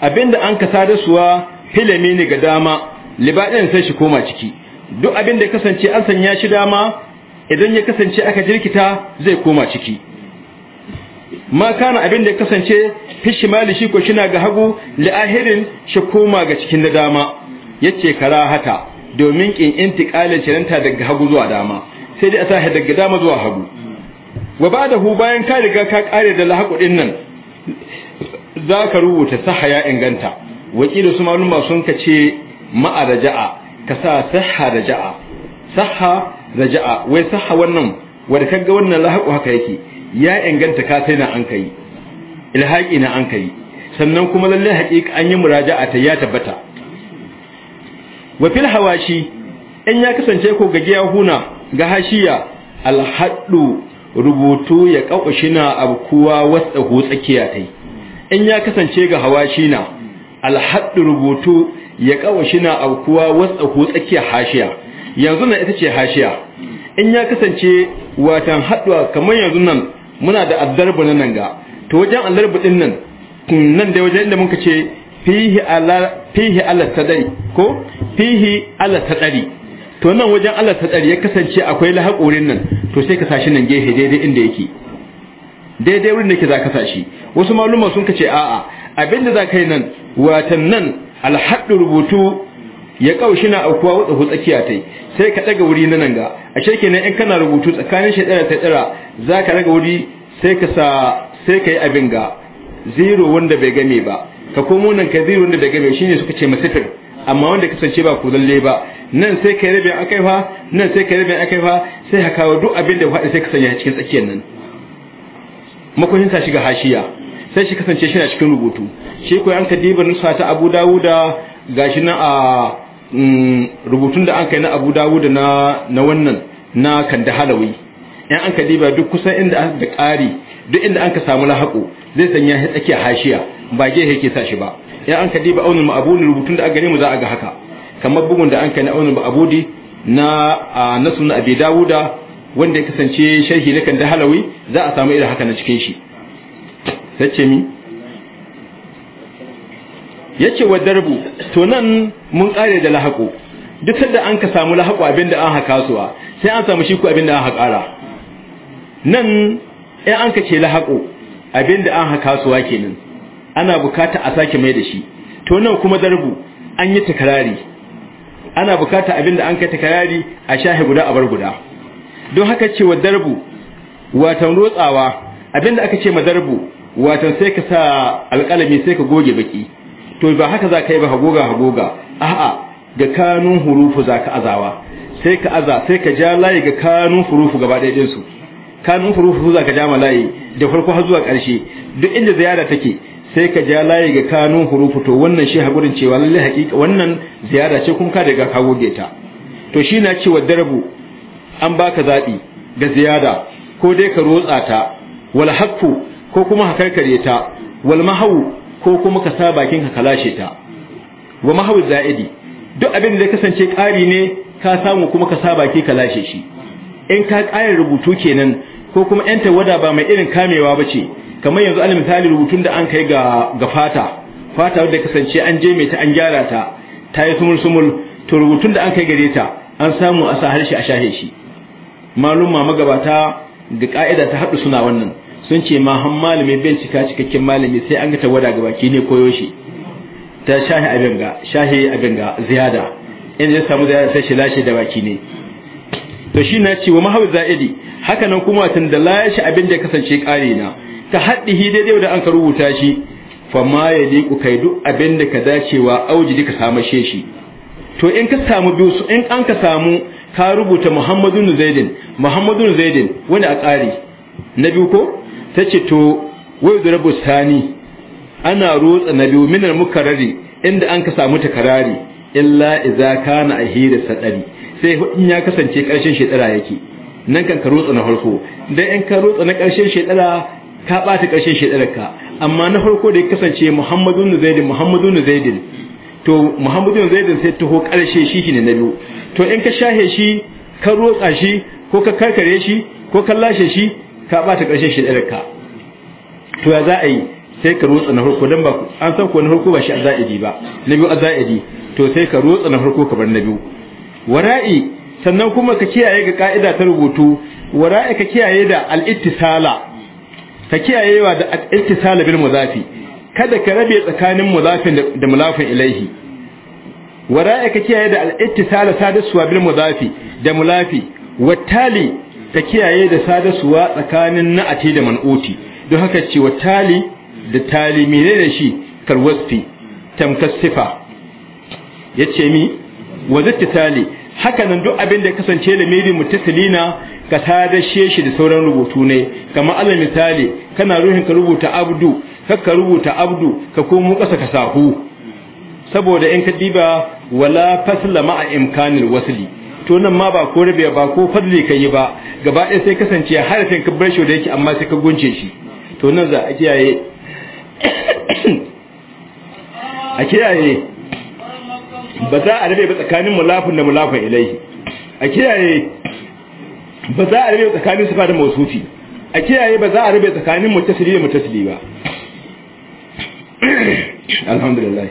S1: abinda an kasa da suwa filami ne ga dama libadin sai shi koma ciki duk abinda ya kasance an sanya shi dama idan ya kasance aka jirkita zai koma ciki ma kana abinda ya kasance fi mali shi ko shina ga hagu la'ahirin shi koma ga cikin da dama yace karahata domin kin intiqalin shirinta daga hagu zuwa dama sai dai a sahi daga dama zuwa hagu wa ba'dahu bayan ka riga ka kare da lahaku nan za ka rubuta saha ya inganta wakilu su maluma sun ka ce ma'a raja'a ka sa saha raja'a saha raja'a wai saha wannan wanda kaga wannan lahaku haka yake ya inganta ka sai na an kai ilhaqi na an kai sannan kuma lalle haƙiƙa an yi muraja'a ta ya tabbata wa fil hawashi in ya kasance ko gage ya huna ga hashiya alhaddu rubutu ya na abu kuwa wasa tsakiya tai in ya kasance ga hawa shi na alhaddu rubutu ya kawo shi na aukuwa wasu ko tsakiyar hashiya yanzu nan ita ce hashiya in ya kasance watan haɗuwa kamar yanzu nan muna da addarbu na nan ga to wajen addarbu din nan nan da wajen inda muka ce fihi ala fihi ala tadari ko fihi ala tadari to nan wajen ala tadari ya kasance akwai lahaƙorin nan to sai ka sashi nan gehe daidai inda yake daidai wurin nake zaka sa shi wasu maluma sun kace a'a abinda zaka yi nan watan nan alhadu rubutu ya kaushi na aukuwa wutsa hu tsakiya tai sai ka daga wuri nan ga a ashe kenan in kana rubutu tsakanin shedara ta tsira zaka daga wuri sai ka sa sai ka yi abin ga zero wanda bai game ba ka komo nan ka zero wanda bai game shine suka ce masifir amma wanda kasance ba ku zalle ba nan sai ka yi rabin akaifa nan sai ka yi rabin akaifa sai ka kawo duk abin da ya faɗi sai ka sanya cikin tsakiyar nan makwahin ta shiga hashiya sai shi kasance shi na cikin rubutu shi ko an ka diba nusa ta Abu Dawuda gashi na a mm, rubutun da an kai na Abu Dawuda na na wannan na Kanda Halawi in an ka diba duk kusan inda da kari duk inda an ka samu lahaƙo zai sanya shi tsakiya hashiya ba ya yake sa shi ba in an ka diba aunin ma'abudi rubutun da aka mu za a ga haka kamar bugun da an kai na aunin ma'abudi na nasun abi dawuda wanda ya kasance sharhi na kan da halawi za a samu irin haka na cikin shi sace mi yace wa darbu to nan mun kare da lahaqo duk sanda an ka samu lahaqo abinda an haka suwa sai an samu shi ku abinda an haƙara nan in an ka ce lahaqo abinda an haka suwa kenan ana bukata a sake mai da shi to nan kuma darbu an yi takarari ana bukata abinda an kai takarari a shahi guda a bar guda don haka ce wa darbu watan rotsawa abinda aka ce ma darbu watan sai ka sa alƙalami sai ka goge baki to ba haka za ka yi ba hagoga hagoga a'a ga kanun hurufu za ka azawa sai ka aza sai ka ja layi ga kanun hurufu gaba ɗaya ɗinsu kanun hurufu za ka ja ma layi da farko har zuwa ƙarshe duk inda ziyara take sai ka ja layi ga kanun hurufu to wannan shi haƙurin cewa lallai haƙiƙa wannan ziyara ce kun ka daga ka goge ta to shi na cewa darbu an baka zaɓi ga ziyada ko dai ka rotsa ta wal haqqu ko kuma ka karkare ta wal mahaw ko kuma ka sa bakin ka kalashe ta wa mahawu za'idi duk abin da ya kasance ƙari ne ka samu kuma ka sa baki kalashe shi in ka ƙara rubutu kenan ko kuma yan wada ba mai irin kamewa ba ce kamar yanzu alal misali rubutun da an kai ga ga fata fata wanda kasance an je mai ta an gyara ta ta yi sumul sumul to rubutun da an kai gare ta an samu a sa harshe a shahe shi maluma magabata da ka'ida ta haɗu suna wannan sun ce ma han malami bai cikakken malami sai an ga tawada ga baki ne koyo shi ta shahi abin ga shahi abin ga ziyada in ya samu ziyada sai shi lashe da baki ne to shi na ce wa mahawi za'idi haka nan kuma tun da lashe abin da kasance kare na ta hi daidai da an ka rubuta shi fa ma ya ku kai duk abin da ka dacewa auji ka samashe shi to in ka samu biyu in an ka samu ka rubuta muhammadun zaidin muhammadun zaidin wani a ƙari na biyu ko ta ce to wai da rabu sani ana rotsa na biyu minar mukarari inda an ka samu takarari illa iza kana a hira sadari sai in ya kasance ƙarshen shekara yake nan kan ka rotsa na farko dan in ka rotsa na ƙarshen shekara ka bata ƙarshen shekarar ka amma na farko da ya kasance muhammadun zaidin muhammadun zaidin to muhammadun zaidin sai taho ƙarshe shi ne na biyu to in ka shahe shi ka rotsa shi ko ka karkare shi ko ka lashe shi ka bata karshe shi da to ya za a yi sai ka rotsa na farko dan ba an san ko na farko ba shi azaidi ba na biyu azaidi to sai ka rotsa na farko ka bar na biyu wara'i sannan kuma ka kiyaye ga ka'ida ta rubutu wara'i ka kiyaye da al-ittisala ka kiyayewa da al-ittisala bil muzafi kada ka rabe tsakanin muzafin da mulafin ilaihi wara'a ka kiyaye da al-ittisala sadasuwa bil mudafi da mulafi wattali ka kiyaye da sadasuwa tsakanin na'ati da man'uti don haka ce wattali da tali menene shi karwasfi tamkasifa yace mi wazittisali haka nan duk abin da kasance da miri mutasalina ka sadashe shi da sauran rubutu ne kamar alal misali kana ruhin ka rubuta abdu kakka rubuta abdu ka komo kasa ka sahu saboda in ka diba wala fasla ma'a imkanil wasli to nan ma ba ko rabe ba ko fadli ka yi ba gaba ɗaya sai kasance harafin ka bar shi da yake amma sai ka gunce shi to nan za a kiyaye a kiyaye ba za a rabe ba tsakanin mulafin da mulafin ilai, a kiyaye ba za a rabe tsakanin sifa da mausufi a kiyaye ba za a rabe tsakanin mutasili da mutasili ba alhamdulillah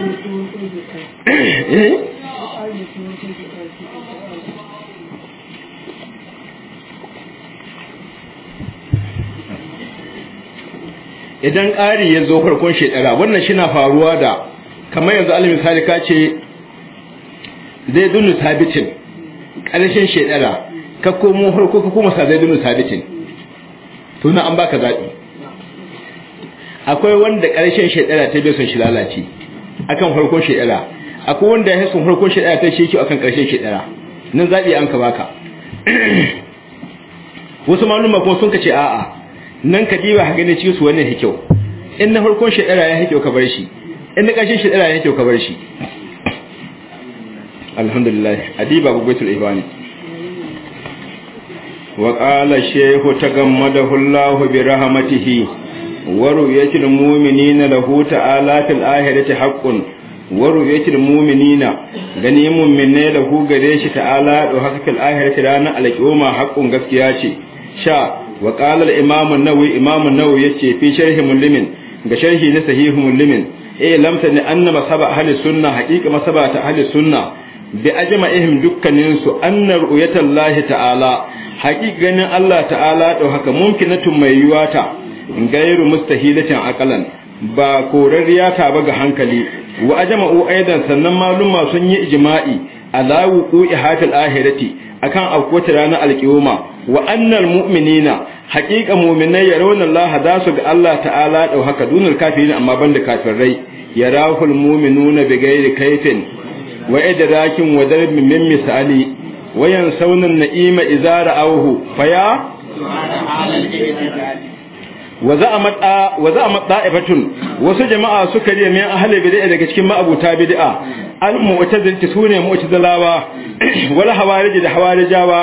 S1: idan ƙari ya zo farkon shekara wannan shi na faruwa da kamar yanzu alimin salika ce zai dunu sabitin ƙarshen shekara ka komo harko ka koma sa zai dunu sabitin tuna an baka zaɓi akwai wanda ƙarshen shekara ta bai son shi lalace akan farkon shedara akwai wanda ya sun farkon shedara ta shi akan karshen shedara nan zabi an ka baka wasu maluma kuma sun kace a'a nan ka diba ha gane cikin su wannan hikyau in na farkon shedara ya hikyau ka bar shi in na karshen shedara ya hikyau ka bar shi alhamdulillah adiba gugaitul ibani wa qala shaykhu tagammadahu allah bi rahmatihi ورؤيه المؤمنين gani تعالى في الاخره حق ورؤيه المؤمنين غني مؤمنين له غريش تعالى حق في الاخره رانا الجوما حق غسكيا شا وقال الامام النووي امام النووي يشي في شرح ملمن ga sharhi na sahihu mulmin eh lamta ne anna masaba ahli sunna haqiqa masaba ta ahli sunna bi ajma'ihim dukkanin su anna ru'yatallahi ta'ala haqiqa ganin Allah ta'ala to haka mumkinatun mai yuwata gairu mustahilatin aqalan ba korarriya ta ba ga hankali wa ajma'u aidan sannan maluma sun yi ijma'i ala wuqu'i hatil ahirati akan akwata ranar alƙiyoma wa annal mu'minina haƙiƙa mu'minai yarawna Allah da su ga Allah ta'ala dau haka dunul kafirin amma banda kafirai yarahul mu'minuna bi ghairi wa idrakin wa darbin min misali wa yansawna naima idza ra'awhu faya wa za'amat ibatun wasu jama'a suka ne mai ahali bid'a daga cikin ma'abuta bid'a su ne sune zalawa wal hawariji da hawarijawa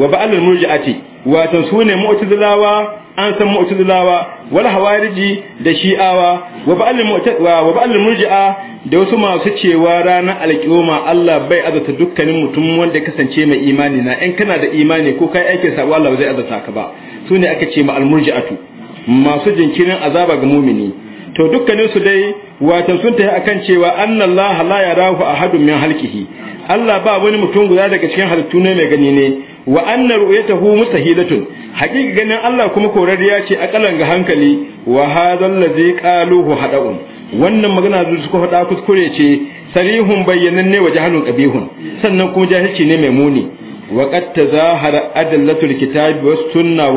S1: wa ba'al murji'ati wato sune zalawa an san zalawa wal hawariji da shi'awa wa ba'al wa ba'al murji'a da wasu masu cewa ranar alƙiyoma Allah bai azata dukkanin mutum wanda kasance mai imani na in kana da imani ko kai aikin sabo Allah ba zai azata ka ba su ne aka ce ma al murji'atu masu jinkirin azaba ga mumini to dukkanin su dai watan sun tafi akan cewa annallaha la yarahu ahadun min halqihi Allah ba wani mutum guda daga cikin halittu ne mai gani ne wa anna ru'yatahu mustahilatun haqiqa ganin Allah kuma korariya ce a kalar ga hankali wa hadhal ladhi qaluhu hadaun wannan magana da suka faɗa kuskure ce sarihun bayyananne wa jahalun qabihun sannan kuma jahilci ne mai muni وقد تظاهر أدلة الكتاب والسنة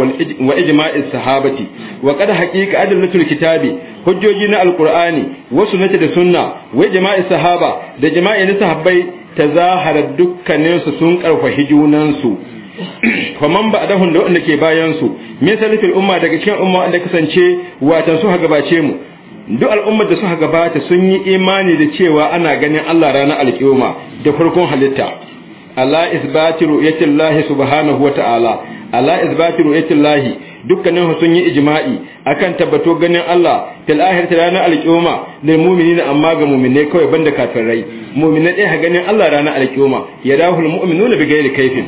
S1: وإجماع الصحابة وقد حقيقة أدلة الكتاب حجوجنا القرآن وسنة السنة وإجماع الصحابة دجماع الصحابي تظاهر دكانين سنكر فهجونانسو faman ba dahun da wanda ke bayan su me salifin umma daga cikin umma wanda kasance watan gabace mu duk al'ummar da suka gabata sun yi imani da cewa ana ganin Allah ranar alƙiyoma da farkon halitta ala isbati ru'yatillahi subhanahu wa ta'ala ala isbati ru'yatillahi dukkanin sun yi ijma'i akan tabbato ganin Allah ahir til ranar alƙiyoma lil mu'minina amma ga mu'mine kawai banda kafirai mu'mine dai ha ganin Allah ranar alƙiyoma yarahul mu'minuna bi ghairi kaifin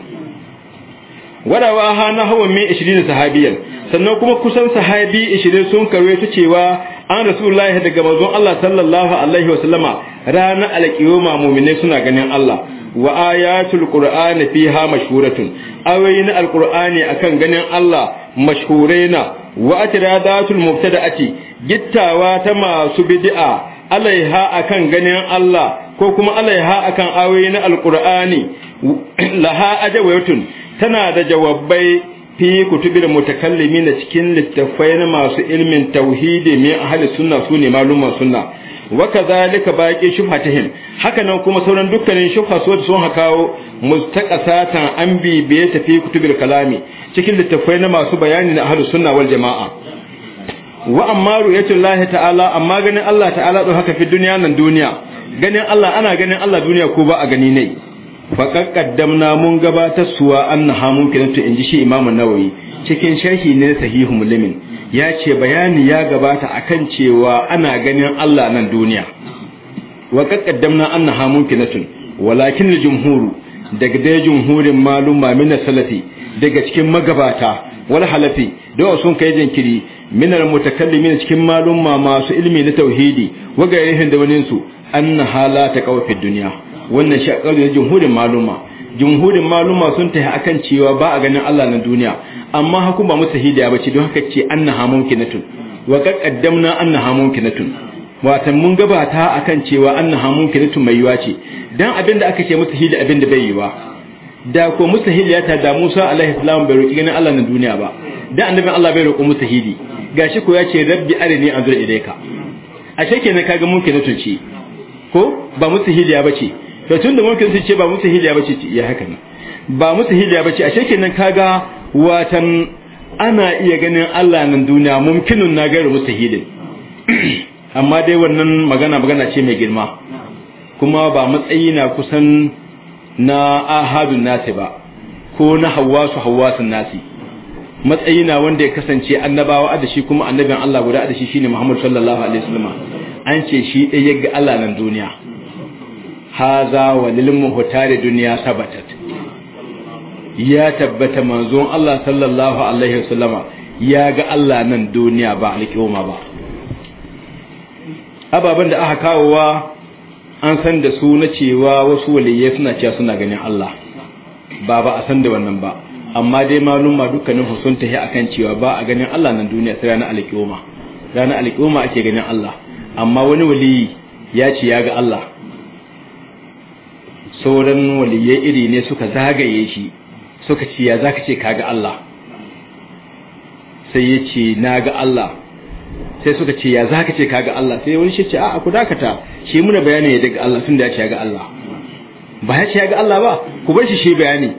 S1: wadawa ha na hawa mai 20 sahabiyan sannan kuma kusan sahabi 20 sun su cewa an rasulullahi daga manzon Allah sallallahu alaihi wa sallama ranar alƙiyoma mu'mine suna ganin Allah wa ayatul qur'ani fiha mashhuratun awayin alqur'ani akan ganin Allah mashhuraina wa atradatul mubtada'ati gittawa ta masu bid'a alaiha akan ganin Allah ko kuma alaiha akan ayoyi alqur'ani alkur'ani laha ajawatun tana da jawabai fi kutubil mutakallimin na cikin littafai na masu ilmin tauhidi mai ahli sunna su ne maluman sunna wa kazalika baqi shubhatihim haka nan kuma sauran dukkanin shubha so da sun hakawo mustaqasatan an bibiye tafi kutubil kalami cikin littafai na masu bayani na ahlus sunna wal jamaa wa amma ru'yatullahi ta'ala amma ganin Allah ta'ala don haka fi duniya nan duniya ganin Allah ana ganin Allah duniya ko ba a gani ne faƙar ƙaddamna mun gabatar suwa an na hamun kinatu in ji shi imamun nawawi cikin sharhi ne sahihu mulimin ya ce bayani ya gabata a kan cewa ana ganin Allah nan duniya wa anna ha mumkinatun walakin al daga da jumhurin maluma min salafi daga cikin magabata wal halafi da sun kai jinkiri min al-mutakallimin cikin maluma masu ilmi na tauhidi wa da wani su anna hala ta dunya wannan shi a jumhurin maluma jumhurin maluma sun tahi akan cewa ba a ganin Allah na duniya amma haku ba musu ba bace don haka ce annaha mumkinatun wa qad qaddamna annaha mumkinatun watan mun gabata akan cewa annaha mumkinatun mai yiwa ce dan abinda aka ce musu hidaya abinda bai yiwa da ko musu hidaya ta da Musa alaihi salam bai roki ganin Allah na duniya ba dan annabin Allah bai roƙo musu hidi gashi ko ya ce rabbi arini anzur ilayka ashe kenan kaga mumkinatun ce ko ba musu ba ce. to da mulkin ce ba musu hijiya bace ce ya haka ne ba musu hijiya bace ashe kenan kaga watan ana iya ganin Allah nan duniya mumkinun na gairu musu hidin amma dai wannan magana magana ce mai girma kuma ba matsayi na kusan na ahadun nasi ba ko na hawasu hawasun nasi matsayi na wanda ya kasance annabawa adashi kuma annabin Allah guda adashi shine Muhammad sallallahu alaihi wasallam an ce shi ɗaya ga Allah nan duniya haza wa lil muhtari dunya sabatat ya tabbata manzon Allah sallallahu alaihi wasallama ya ga Allah nan duniya ba alƙiyoma ba ababen da aka kawowa an san da su na cewa wasu waliyai suna cewa suna ganin Allah ba ba a san da wannan ba amma dai maluma dukkanin sun tahi akan cewa ba a ganin Allah nan duniya sai ranar alƙiyoma ranar alƙiyoma ake ganin Allah amma wani waliyi ya ce ya ga Allah sauran waliyai iri ne suka zagaye shi suka ce ya zaka ce kaga Allah sai ya ce na ga Allah sai suka ce ya zaka ce kaga Allah sai wani shi ce a ku dakata shi muna bayani ya daga Allah da ya ce ya ga Allah ba ya ce ya ga Allah ba ku bar shi shi bayani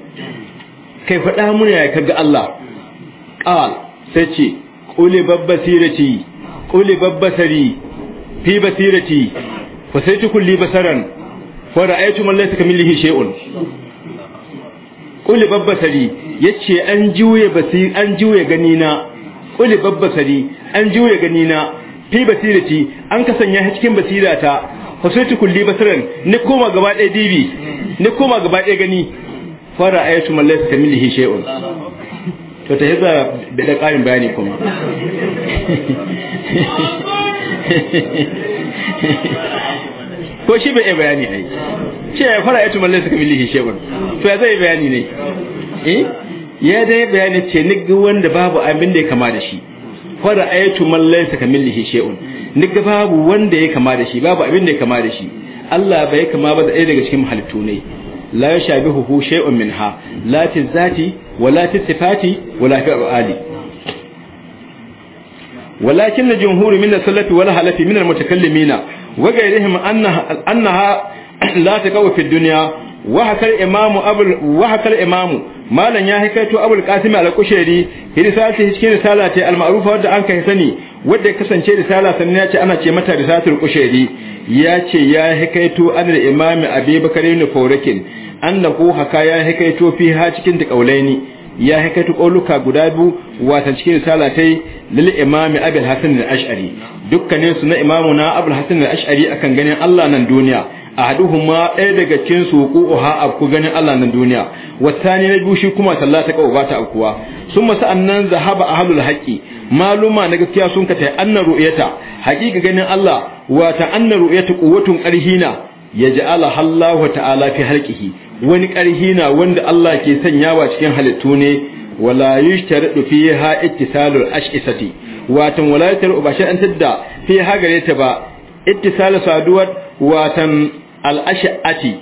S1: kai faɗa muna ya kaga Allah Ƙawal sai ce ƙuli babbasirati ƙuli babbasari fi basirati fa sai tukul basaran wa ra'aytu man laysa kamilihi shay'un kuli babbasari yace an juye basi an juye gani na kuli babbasari an juye gani na fi basirati an kasanya cikin basirata fasaitu kulli basaran ni koma gaba ɗaya dibi ni koma gaba ɗaya gani fara ayatu man laysa kamilihi shay'un to ta hiza da da ƙarin bayani kuma ko shi bai bayani ai ce ya fara ya tumalle suka bilihi shegun to ya zai bayani ne eh ya dai bayani ce ni ga wanda babu abin da ya kama da shi fara ayatu man laysa kamillihi shay'un ni ga babu wanda ya kama da shi babu abin da ya kama da shi Allah bai kama ba da ɗaya daga cikin halittu ne la yashabihu shay'un minha la tizati wala tisifati wala fi'ali ولكن الجمهور من السلف والهلف من المتكلمين wa gairihim annaha annaha la taqaw fi dunya wa hakal imamu abul wa hakal imamu malan ya hikaito abul qasim al-kushairi risalati cikin risala ce al-ma'rufa wadda an kai sani wadda kasance risala sannan ya ce ana ce mata risalatul kushairi ya ce ya hikaito an imami abubakar ibn fawrakin annahu haka ya hikaito fi ha cikin taqaulaini ya haikatu ƙauluka guda biyu wata cikin risala ta yi lil imami abul hasan al-ash'ari dukkanin su na imamu na abul hasan al-ash'ari akan ganin Allah nan duniya a ma ɗaya daga cikin su quha abku ganin Allah nan duniya wattani na biyu shi kuma talla ta kawo bata abkuwa summa sa'annan zahaba ahlul haqqi maluma na gaskiya sun ka tai anna ru'yata haqiqa ganin Allah wata anna ru'yata quwwatun qarhina yaj'alaha Allah ta'ala fi halqihi wani ƙarhi na wanda Allah ke sanyawa cikin halittu ne wala yushtaridu ha ittisalul ash'isati watan wala yushtaridu ba an tadda ha gare ta ba ittisalu saduwar watan al-ash'ati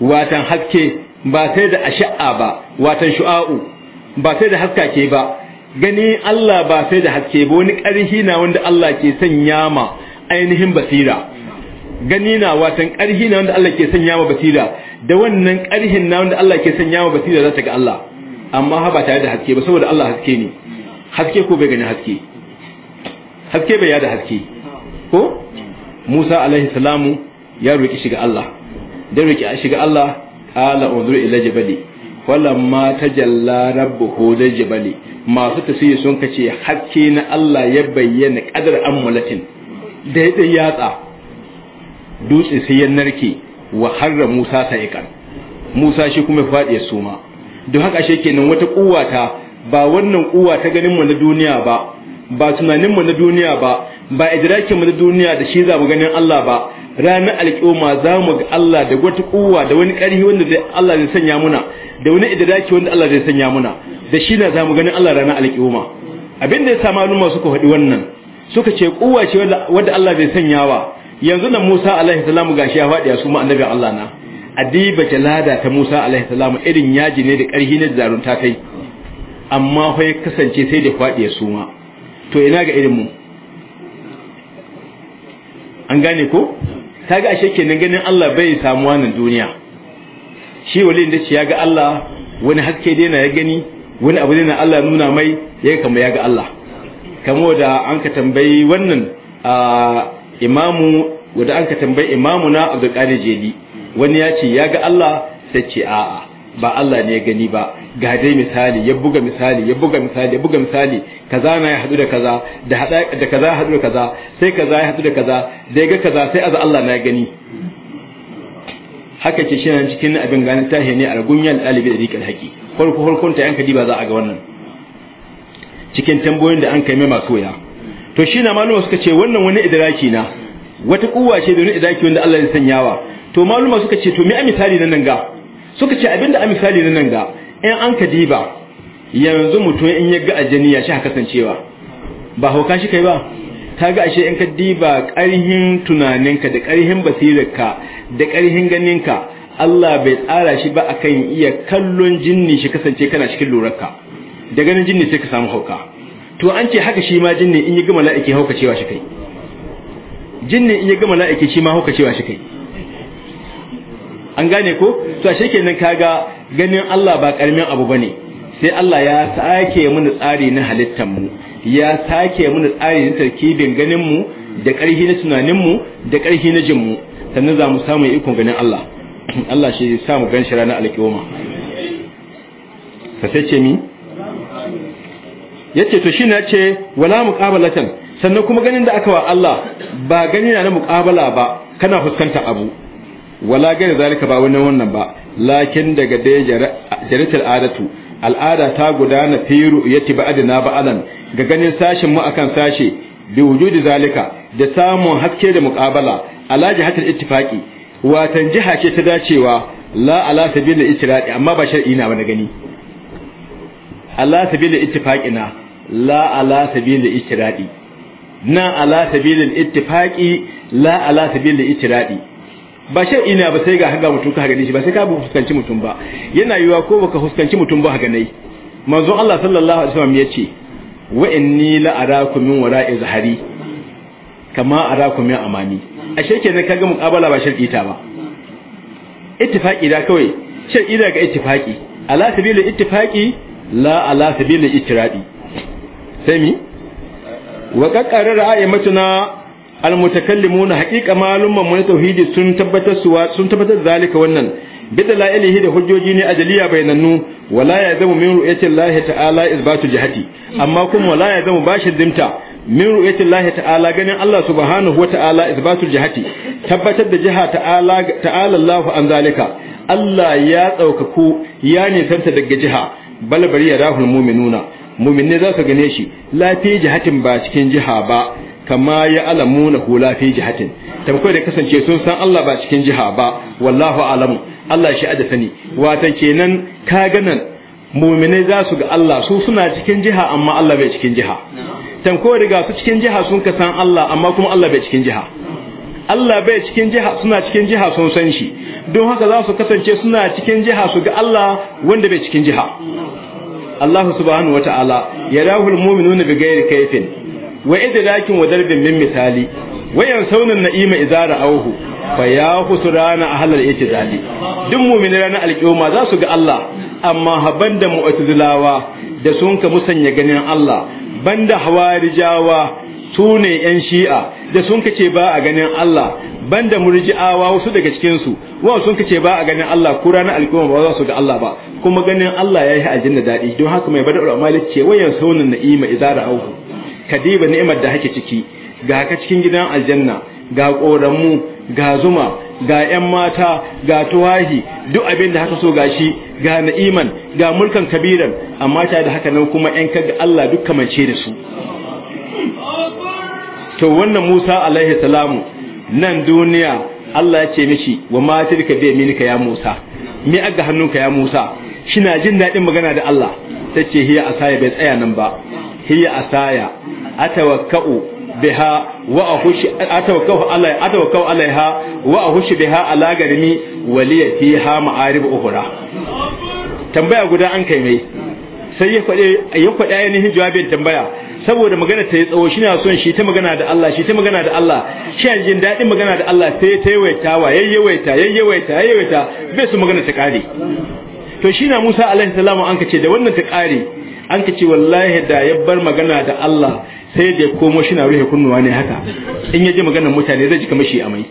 S1: watan haske ba sai da asha'a ba watan shu'a'u ba sai da haska ke ba gani Allah ba sai da haske ba wani ƙarhi na wanda Allah ke sanya ma ainihin basira gani na watan ƙarhi na wanda Allah ke sanya ma basira da wannan ƙarhin na wanda Allah ke sanya ma basira za ta ga Allah amma ha ba tare da haske ba saboda Allah haske ne haske ko bai gani haske haske bai yada haske ko Musa alaihi salamu ya roki shiga Allah da roki a shiga Allah qala unzur ila jabali falamma tajalla rabbuhu lil jabali masu tafsiri sun kace haske na Allah ya bayyana qadar amulatin da ya yatsa dutse sai ya narke wa harra musa kan musa shi kuma faɗi ya suma don haka shi kenan wata ta ba wannan kuwa ta ganin mu na duniya ba ba tunanin mu na duniya ba ba idrakin mu na duniya da shi za mu ganin Allah ba ranar alƙoma za mu ga Allah da wata kuwa da wani ƙarfi wanda zai Allah zai sanya muna da wani idraki wanda Allah zai sanya muna da shi na za mu ganin Allah ranar alƙoma abinda ya sa malumma suka faɗi wannan suka ce kuwa ce wanda Allah sanya sanyawa yanzu nan Musa alaihi salamu gashi ya fadi su ma annabi Allah na adiba jalada ta Musa alaihi salamu irin yaji ne da ƙarhi ne da zarunta kai amma fa ya kasance sai da faɗi su ma to ina ga irin mu an gane ko ta ga ashe kenan ganin Allah bai samu wannan duniya shi wali da shi ya ga Allah wani haske dai na ya gani wani abu dai na Allah nuna mai ya kama ya ga Allah kamo da an ka tambayi wannan a ah, imamu guda an ka tambayi imamu na Abdul Qadir Jeli wani ya ce ya ga Allah sai ce a'a ba Allah ne ya gani ba ga dai misali ya buga misali ya buga misali ya buga misali kaza na ya hadu da kaza da hada da kaza ya hadu da kaza sai kaza ya hadu da kaza da ga kaza sai azza Allah na ya gani haka ce shi nan cikin abin ganin tahe ne argunyan dalibi da rikal haki farko farkon ta yanka diba za a ga wannan cikin tambayoyin da an kai mai masoya to shi na maluma suka ce wannan wani idraki na wata kuwa ce da wani idraki wanda Allah ya sanyawa to maluma suka ce to me a misali na nan ga suka ce abinda a misali na nan ga in an ka diba yanzu mutum in ya ga ajani ya shi haka kasancewa ba hauka shi kai ba ga ashe in ka diba ƙarhin tunaninka da ƙarhin basirarka da ƙarhin ganinka Allah bai tsara shi ba akan iya kallon jinni shi kasance kana cikin lurarka da ganin jinni sai ka samu hauka to an ce haka shi ma jinni in ya ga mala'iki hauka cewa shi kai jinni in ya ga mala'iki shi ma hauka cewa shi kai an gane ko to ashe kenan kaga ganin Allah ba karamin abu bane sai Allah ya sake mana tsari na halittar mu ya sake mana tsari na tarkibin ganin mu da ƙarfi na tunanin mu da karhi na jin mu sannan za mu samu ikon ganin Allah Allah shi ya samu gan shi ranar alƙiyoma ka sai ce mi yace to shine yace wala muqabalatan sannan kuma ganin da aka wa Allah ba gani na muqabala ba kana fuskanta abu wala gani zalika ba wannan wannan ba lakin daga da jaratul adatu al'ada ta gudana fi ru'yati ba'dina ba'alan ga ganin sashin mu akan sashi bi wujudi zalika da samun haske da muqabala ala jihatul ittifaqi watan jiha ce ta dacewa la ala sabilil ittiraqi amma ba shar'i na wani gani Allah sabilil ittifaqina la ala sabilil istiradi na ala sabilil ittifaqi la ala sabilil istiradi ba shi ina ba sai ga haga mutum ka gane shi ba sai ka fuskanci mutum ba yana yiwa ko baka fuskanci mutum ba haga nai manzon Allah sallallahu alaihi wasallam yace wa inni la arakum min wara'i zahari kama arakum min amani ashe kenan kaga muqabala ba shirki ta ba ittifaqi da kawai shirki da ga ittifaqi ala sabilil ittifaqi la ala sabilil ittiradi sai mi wa kakkare ra'ayyamatuna almutakallimuna haqiqa malumman mun tauhidi sun tabbatar suwa sun tabbatar zalika wannan bidalailihi da hujjoji ne ajaliya bainannu wala ya zama min ru'yati Allah ta'ala isbatu jihati amma kuma wala ya zama bashi dimta min ru'yati Allah ta'ala ganin Allah subhanahu wata'ala isbatu jihati tabbatar da jiha ta'ala ta'ala Allah an zalika Allah ya tsaukaku ya nisanta daga jiha bal bari ya rahul mu'minuna muminne za su gane shi lafi jihatin ba cikin jiha ba kama ya alamu na ko lafi jihatin tabbai da kasance sun san Allah ba cikin jiha ba wallahu alamu Allah shi adafa sani watan kenan ka ganan muminai za su ga Allah su suna cikin jiha amma Allah bai cikin jiha tanko riga su cikin jiha sun ka san Allah amma kuma Allah bai cikin jiha Allah bai cikin jiha suna cikin jiha sun san shi don haka za su kasance suna cikin jiha su ga Allah wanda bai cikin jiha Allah subhanahu wa ta'ala rahul mu'minuna bi ghairi kayfin wa lakin wa darbin min misali wa yansawna naima idza ra'awhu fa ya khusrana ahlal itizali duk mu'min rana alƙiyoma za su ga Allah amma haban da mu'tazilawa da sun ka musanya ganin Allah banda hawarijawa su ne 'yan shi'a da sun kace ba a ganin Allah banda murji'awa wasu daga cikinsu wasu sun kace ba a ganin Allah ko rana alkiyama ba za su ga Allah ba kuma ganin Allah ya yi aljanna daɗi don haka mai ulama ya ce wayan saunin na'ima idza auhu kadiba ni'imar da hake ciki ga ka cikin gidan aljanna ga koranmu ga zuma ga yan mata ga tuwahi duk abin da haka so ga shi, ga na'iman ga mulkan kabiran amma ta da haka nan kuma yan kaga Allah duk kamance da su to wannan Musa alaihi salamu nan duniya Allah ya ce mishi wa ma tilka bi minka ya Musa me aga hannunka ya Musa shina jin daɗin magana da Allah ta ce hiya asaya bai tsaya nan ba hiya asaya atawakka'u biha wa ahushi atawakka'u alai atawakka'u alaiha wa ahushi biha ala garmi waliya fiha ma'arib ukhra tambaya guda an kai mai sai ya kwade ya kwade ainihin jawabin tambaya saboda magana ta yi tsawo shi na son shi ta magana da Allah shi ta magana da Allah shi an jin daɗin magana da Allah sai ta yawaita wa yayyawaita yayyawaita yayyawaita bai su magana ta ƙare to shi na Musa alaihi salamu an kace da wannan ta kare an kace wallahi da ya bar magana da Allah sai da komo shi na ruhe kunnuwa ne haka in ya ji maganar mutane zai ji kamar shi amai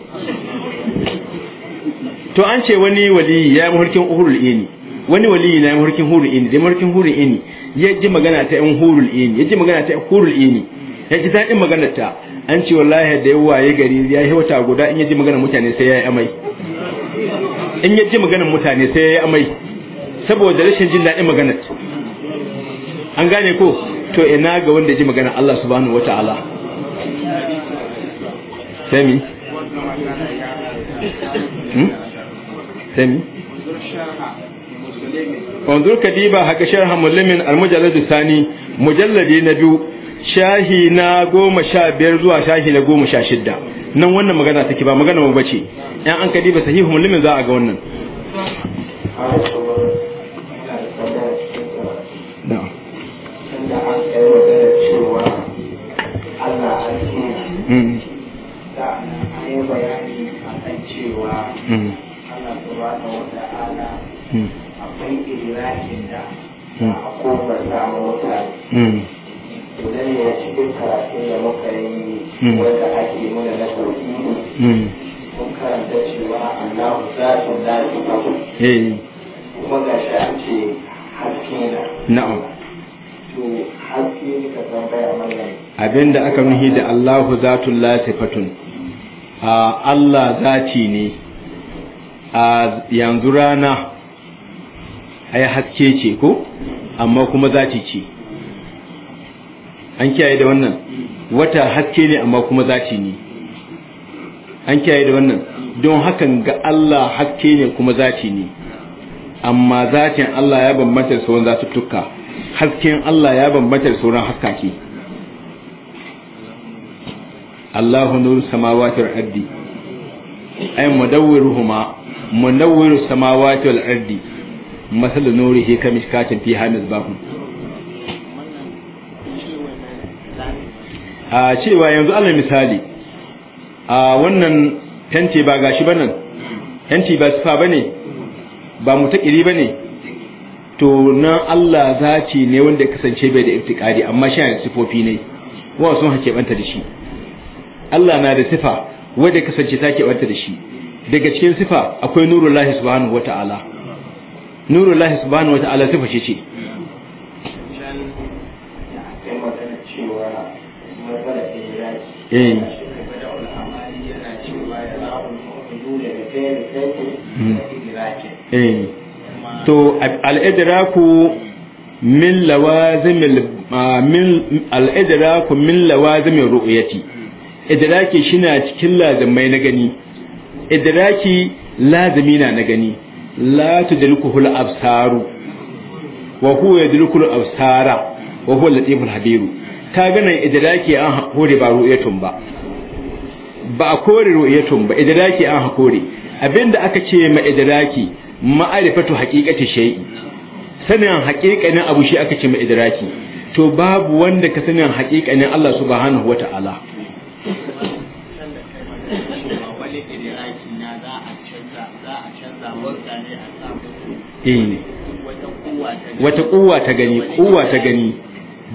S1: to an ce wani wali ya yi mahurkin uhurul ini wani wali na yi mahurkin hurul ini da mahurkin hurul ini ya ji magana ta yan hurul ini ya ji magana ta yan hurul ini ya ji daɗin maganar ta an ce wallahi da ya waye gari ya yi wata guda in ya ji maganar mutane sai ya yi amai in ya ji maganar mutane sai ya yi amai saboda rashin jin daɗin maganar an gane ko to ina ga wanda ji magana Allah subhanahu wata'ala
S2: sami hmm? sami kadi
S1: kadiba haka sharha mulimin almujalladu sani mujalladi na biyu shahi na goma sha biyar zuwa shahi na goma sha shidda nan wannan magana take ba magana ba ce yan an kadiba sahihu mulimin za a ga wannan
S2: Abin da muka mun
S1: karanta aka nuhi da Allahu zatun la sifatun Allah zati ne a yanzu rana ai haske ce ko amma kuma zati ce an kiyaye da wannan wata haske ne amma kuma zaci ne an kiyaye da wannan don hakan ga Allah haske ne kuma zaci ne amma zatin Allah ya bambanta da sauran zatuttuka hasken Allah ya bambanta da sauran haskake Allahu nuru samawati wal ardi ay mudawwiruhuma mudawwiru samawati wal ardi masal nurihi kamishkatin fiha misbahun a cewa yanzu allah misali a wannan tante ba gashi ba nan, tante ba sifa bane ba mutakiri bane to na Allah zaci ne wanda ya kasance bai da iftikari amma shi ne sifofi ne wa sun hake banta da shi Allah na da sifa wanda kasance ta ke banta da shi daga cikin sifa akwai nurullahi subhanahu wataala nurullahi subhanahu wataala sifa ce ce
S2: Eh. Hmm.
S1: Eh. to al'idraku min lawazimil ah, min al'idraku min lawazimin ru'yati idraki cikin lazimai na gani idraki lazimi na na gani la tudrikuhul absaru wa huwa yudrikul absara wa huwa latiful habiru ka ganin idraki an hakuri ba ru'yatun ba ba a kore ru'yatun ba idraki an hakuri abinda aka ce ma idraki ma'arifatu haqiqati shay'i sanin haqiqanin abu shi aka ce ma idraki to babu wanda ka sanin haqiqanin Allah subhanahu wata'ala eh wata kuwa ta gani kuwa ta gani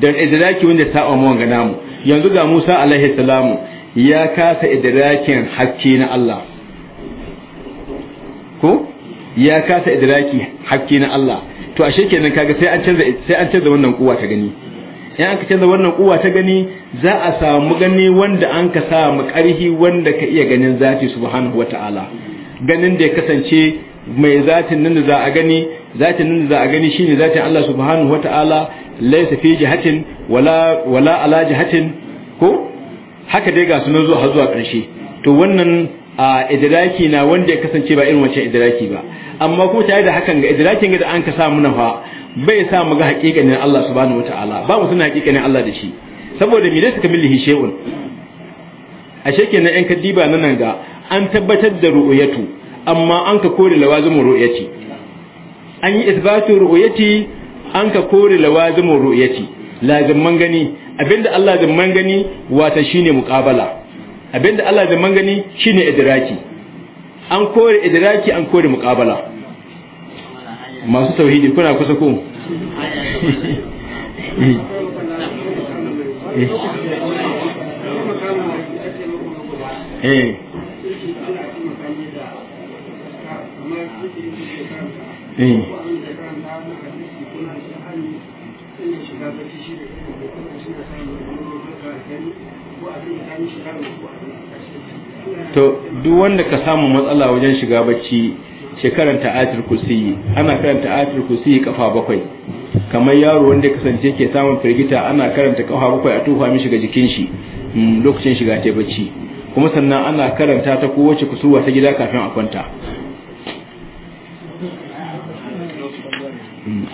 S1: dan idraki wanda saba amma wanga namu yanzu ga Musa alaihi salamu ya kasa idrakin hakki na Allah ko ya kasa idraki hakki na Allah to ashe kenan kaga sai an canza sai an canza wannan kuwa ta gani in aka canza wannan kuwa ta gani za a samu gani wanda an ka samu karhi wanda ka iya ganin zati subhanahu wataala ganin da ya kasance mai zatin nan da za a gani zatin nan da za a gani shine zatin Allah subhanahu wata'ala laysa fi jihatin wala wala ala jihatin ko haka dai ga sunan zuwa zuwa ƙarshe to wannan a idraki na wanda ya kasance ba irin wancan idraki ba amma ko tare da hakan ga idrakin da an ka sa muna fa bai sa mu ga haƙiƙanin Allah subhanahu wataala ba mu suna haƙiƙanin Allah da shi saboda me laysa kamilihi shay'un ashe kenan yan kadiba nan ga an tabbatar da ru'uyatu. amma an ka kore lawazimin ru'yati an yi isbatu ru'yati an ka kore lawazimin ru'yati lazimman gani abinda Allah zamman gani wata shine muqabala abinda Allah zamman gani shine idraki an kore idraki an kore muqabala masu tauhidi kuna kusa ko
S2: eh, eh. Eh. to duk wanda ka samu matsala wajen shiga
S1: bacci ce karanta ayatul kursiyi ana karanta ayatul kursiyi kafa bakwai kamar yaro wanda ya kasance ke samun firgita ana karanta kafa bakwai a tufa mishi ga jikin shi mm, lokacin shiga ta bacci kuma sannan ana karanta ta kowace kusurwa ta gida kafin a kwanta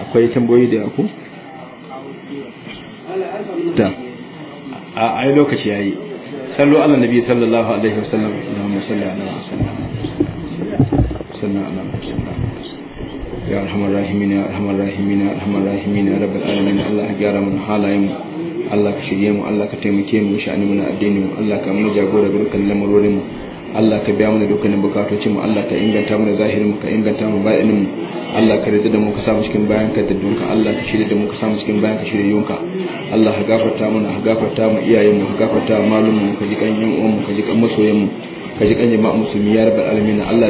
S1: akwai tamboyi da ku ta a ai lokaci yayi sallu ala nabi sallallahu alaihi wasallam na salli na sallallahu alaihi wasallam يا ارحم الراحمين يا ارحم الراحمين rahimina ارحم الراحمين يا رب العالمين الله يا من حالايم Allah ka shirye mu Allah ka taimake mu sha'ani mu na addini mu Allah ka mun jagora ga dukkan lamurorin mu Allah ka biya mana dukkanin bukatocin mu Allah ka inganta mana zahirin mu ka inganta mu bayanin mu Allah ka rida da mu ka samu cikin bayan ka daddunka Allah ka shirya da mu ka samu cikin bayan ka shirya yunka Allah ka gafarta mana ka gafarta mu iyayen mu ka gafarta malumin mu ka ji kan yin uwan mu ka ji kan masoyan mu ka ji kan jama'a musulmi ya rabbal alamin
S2: Allah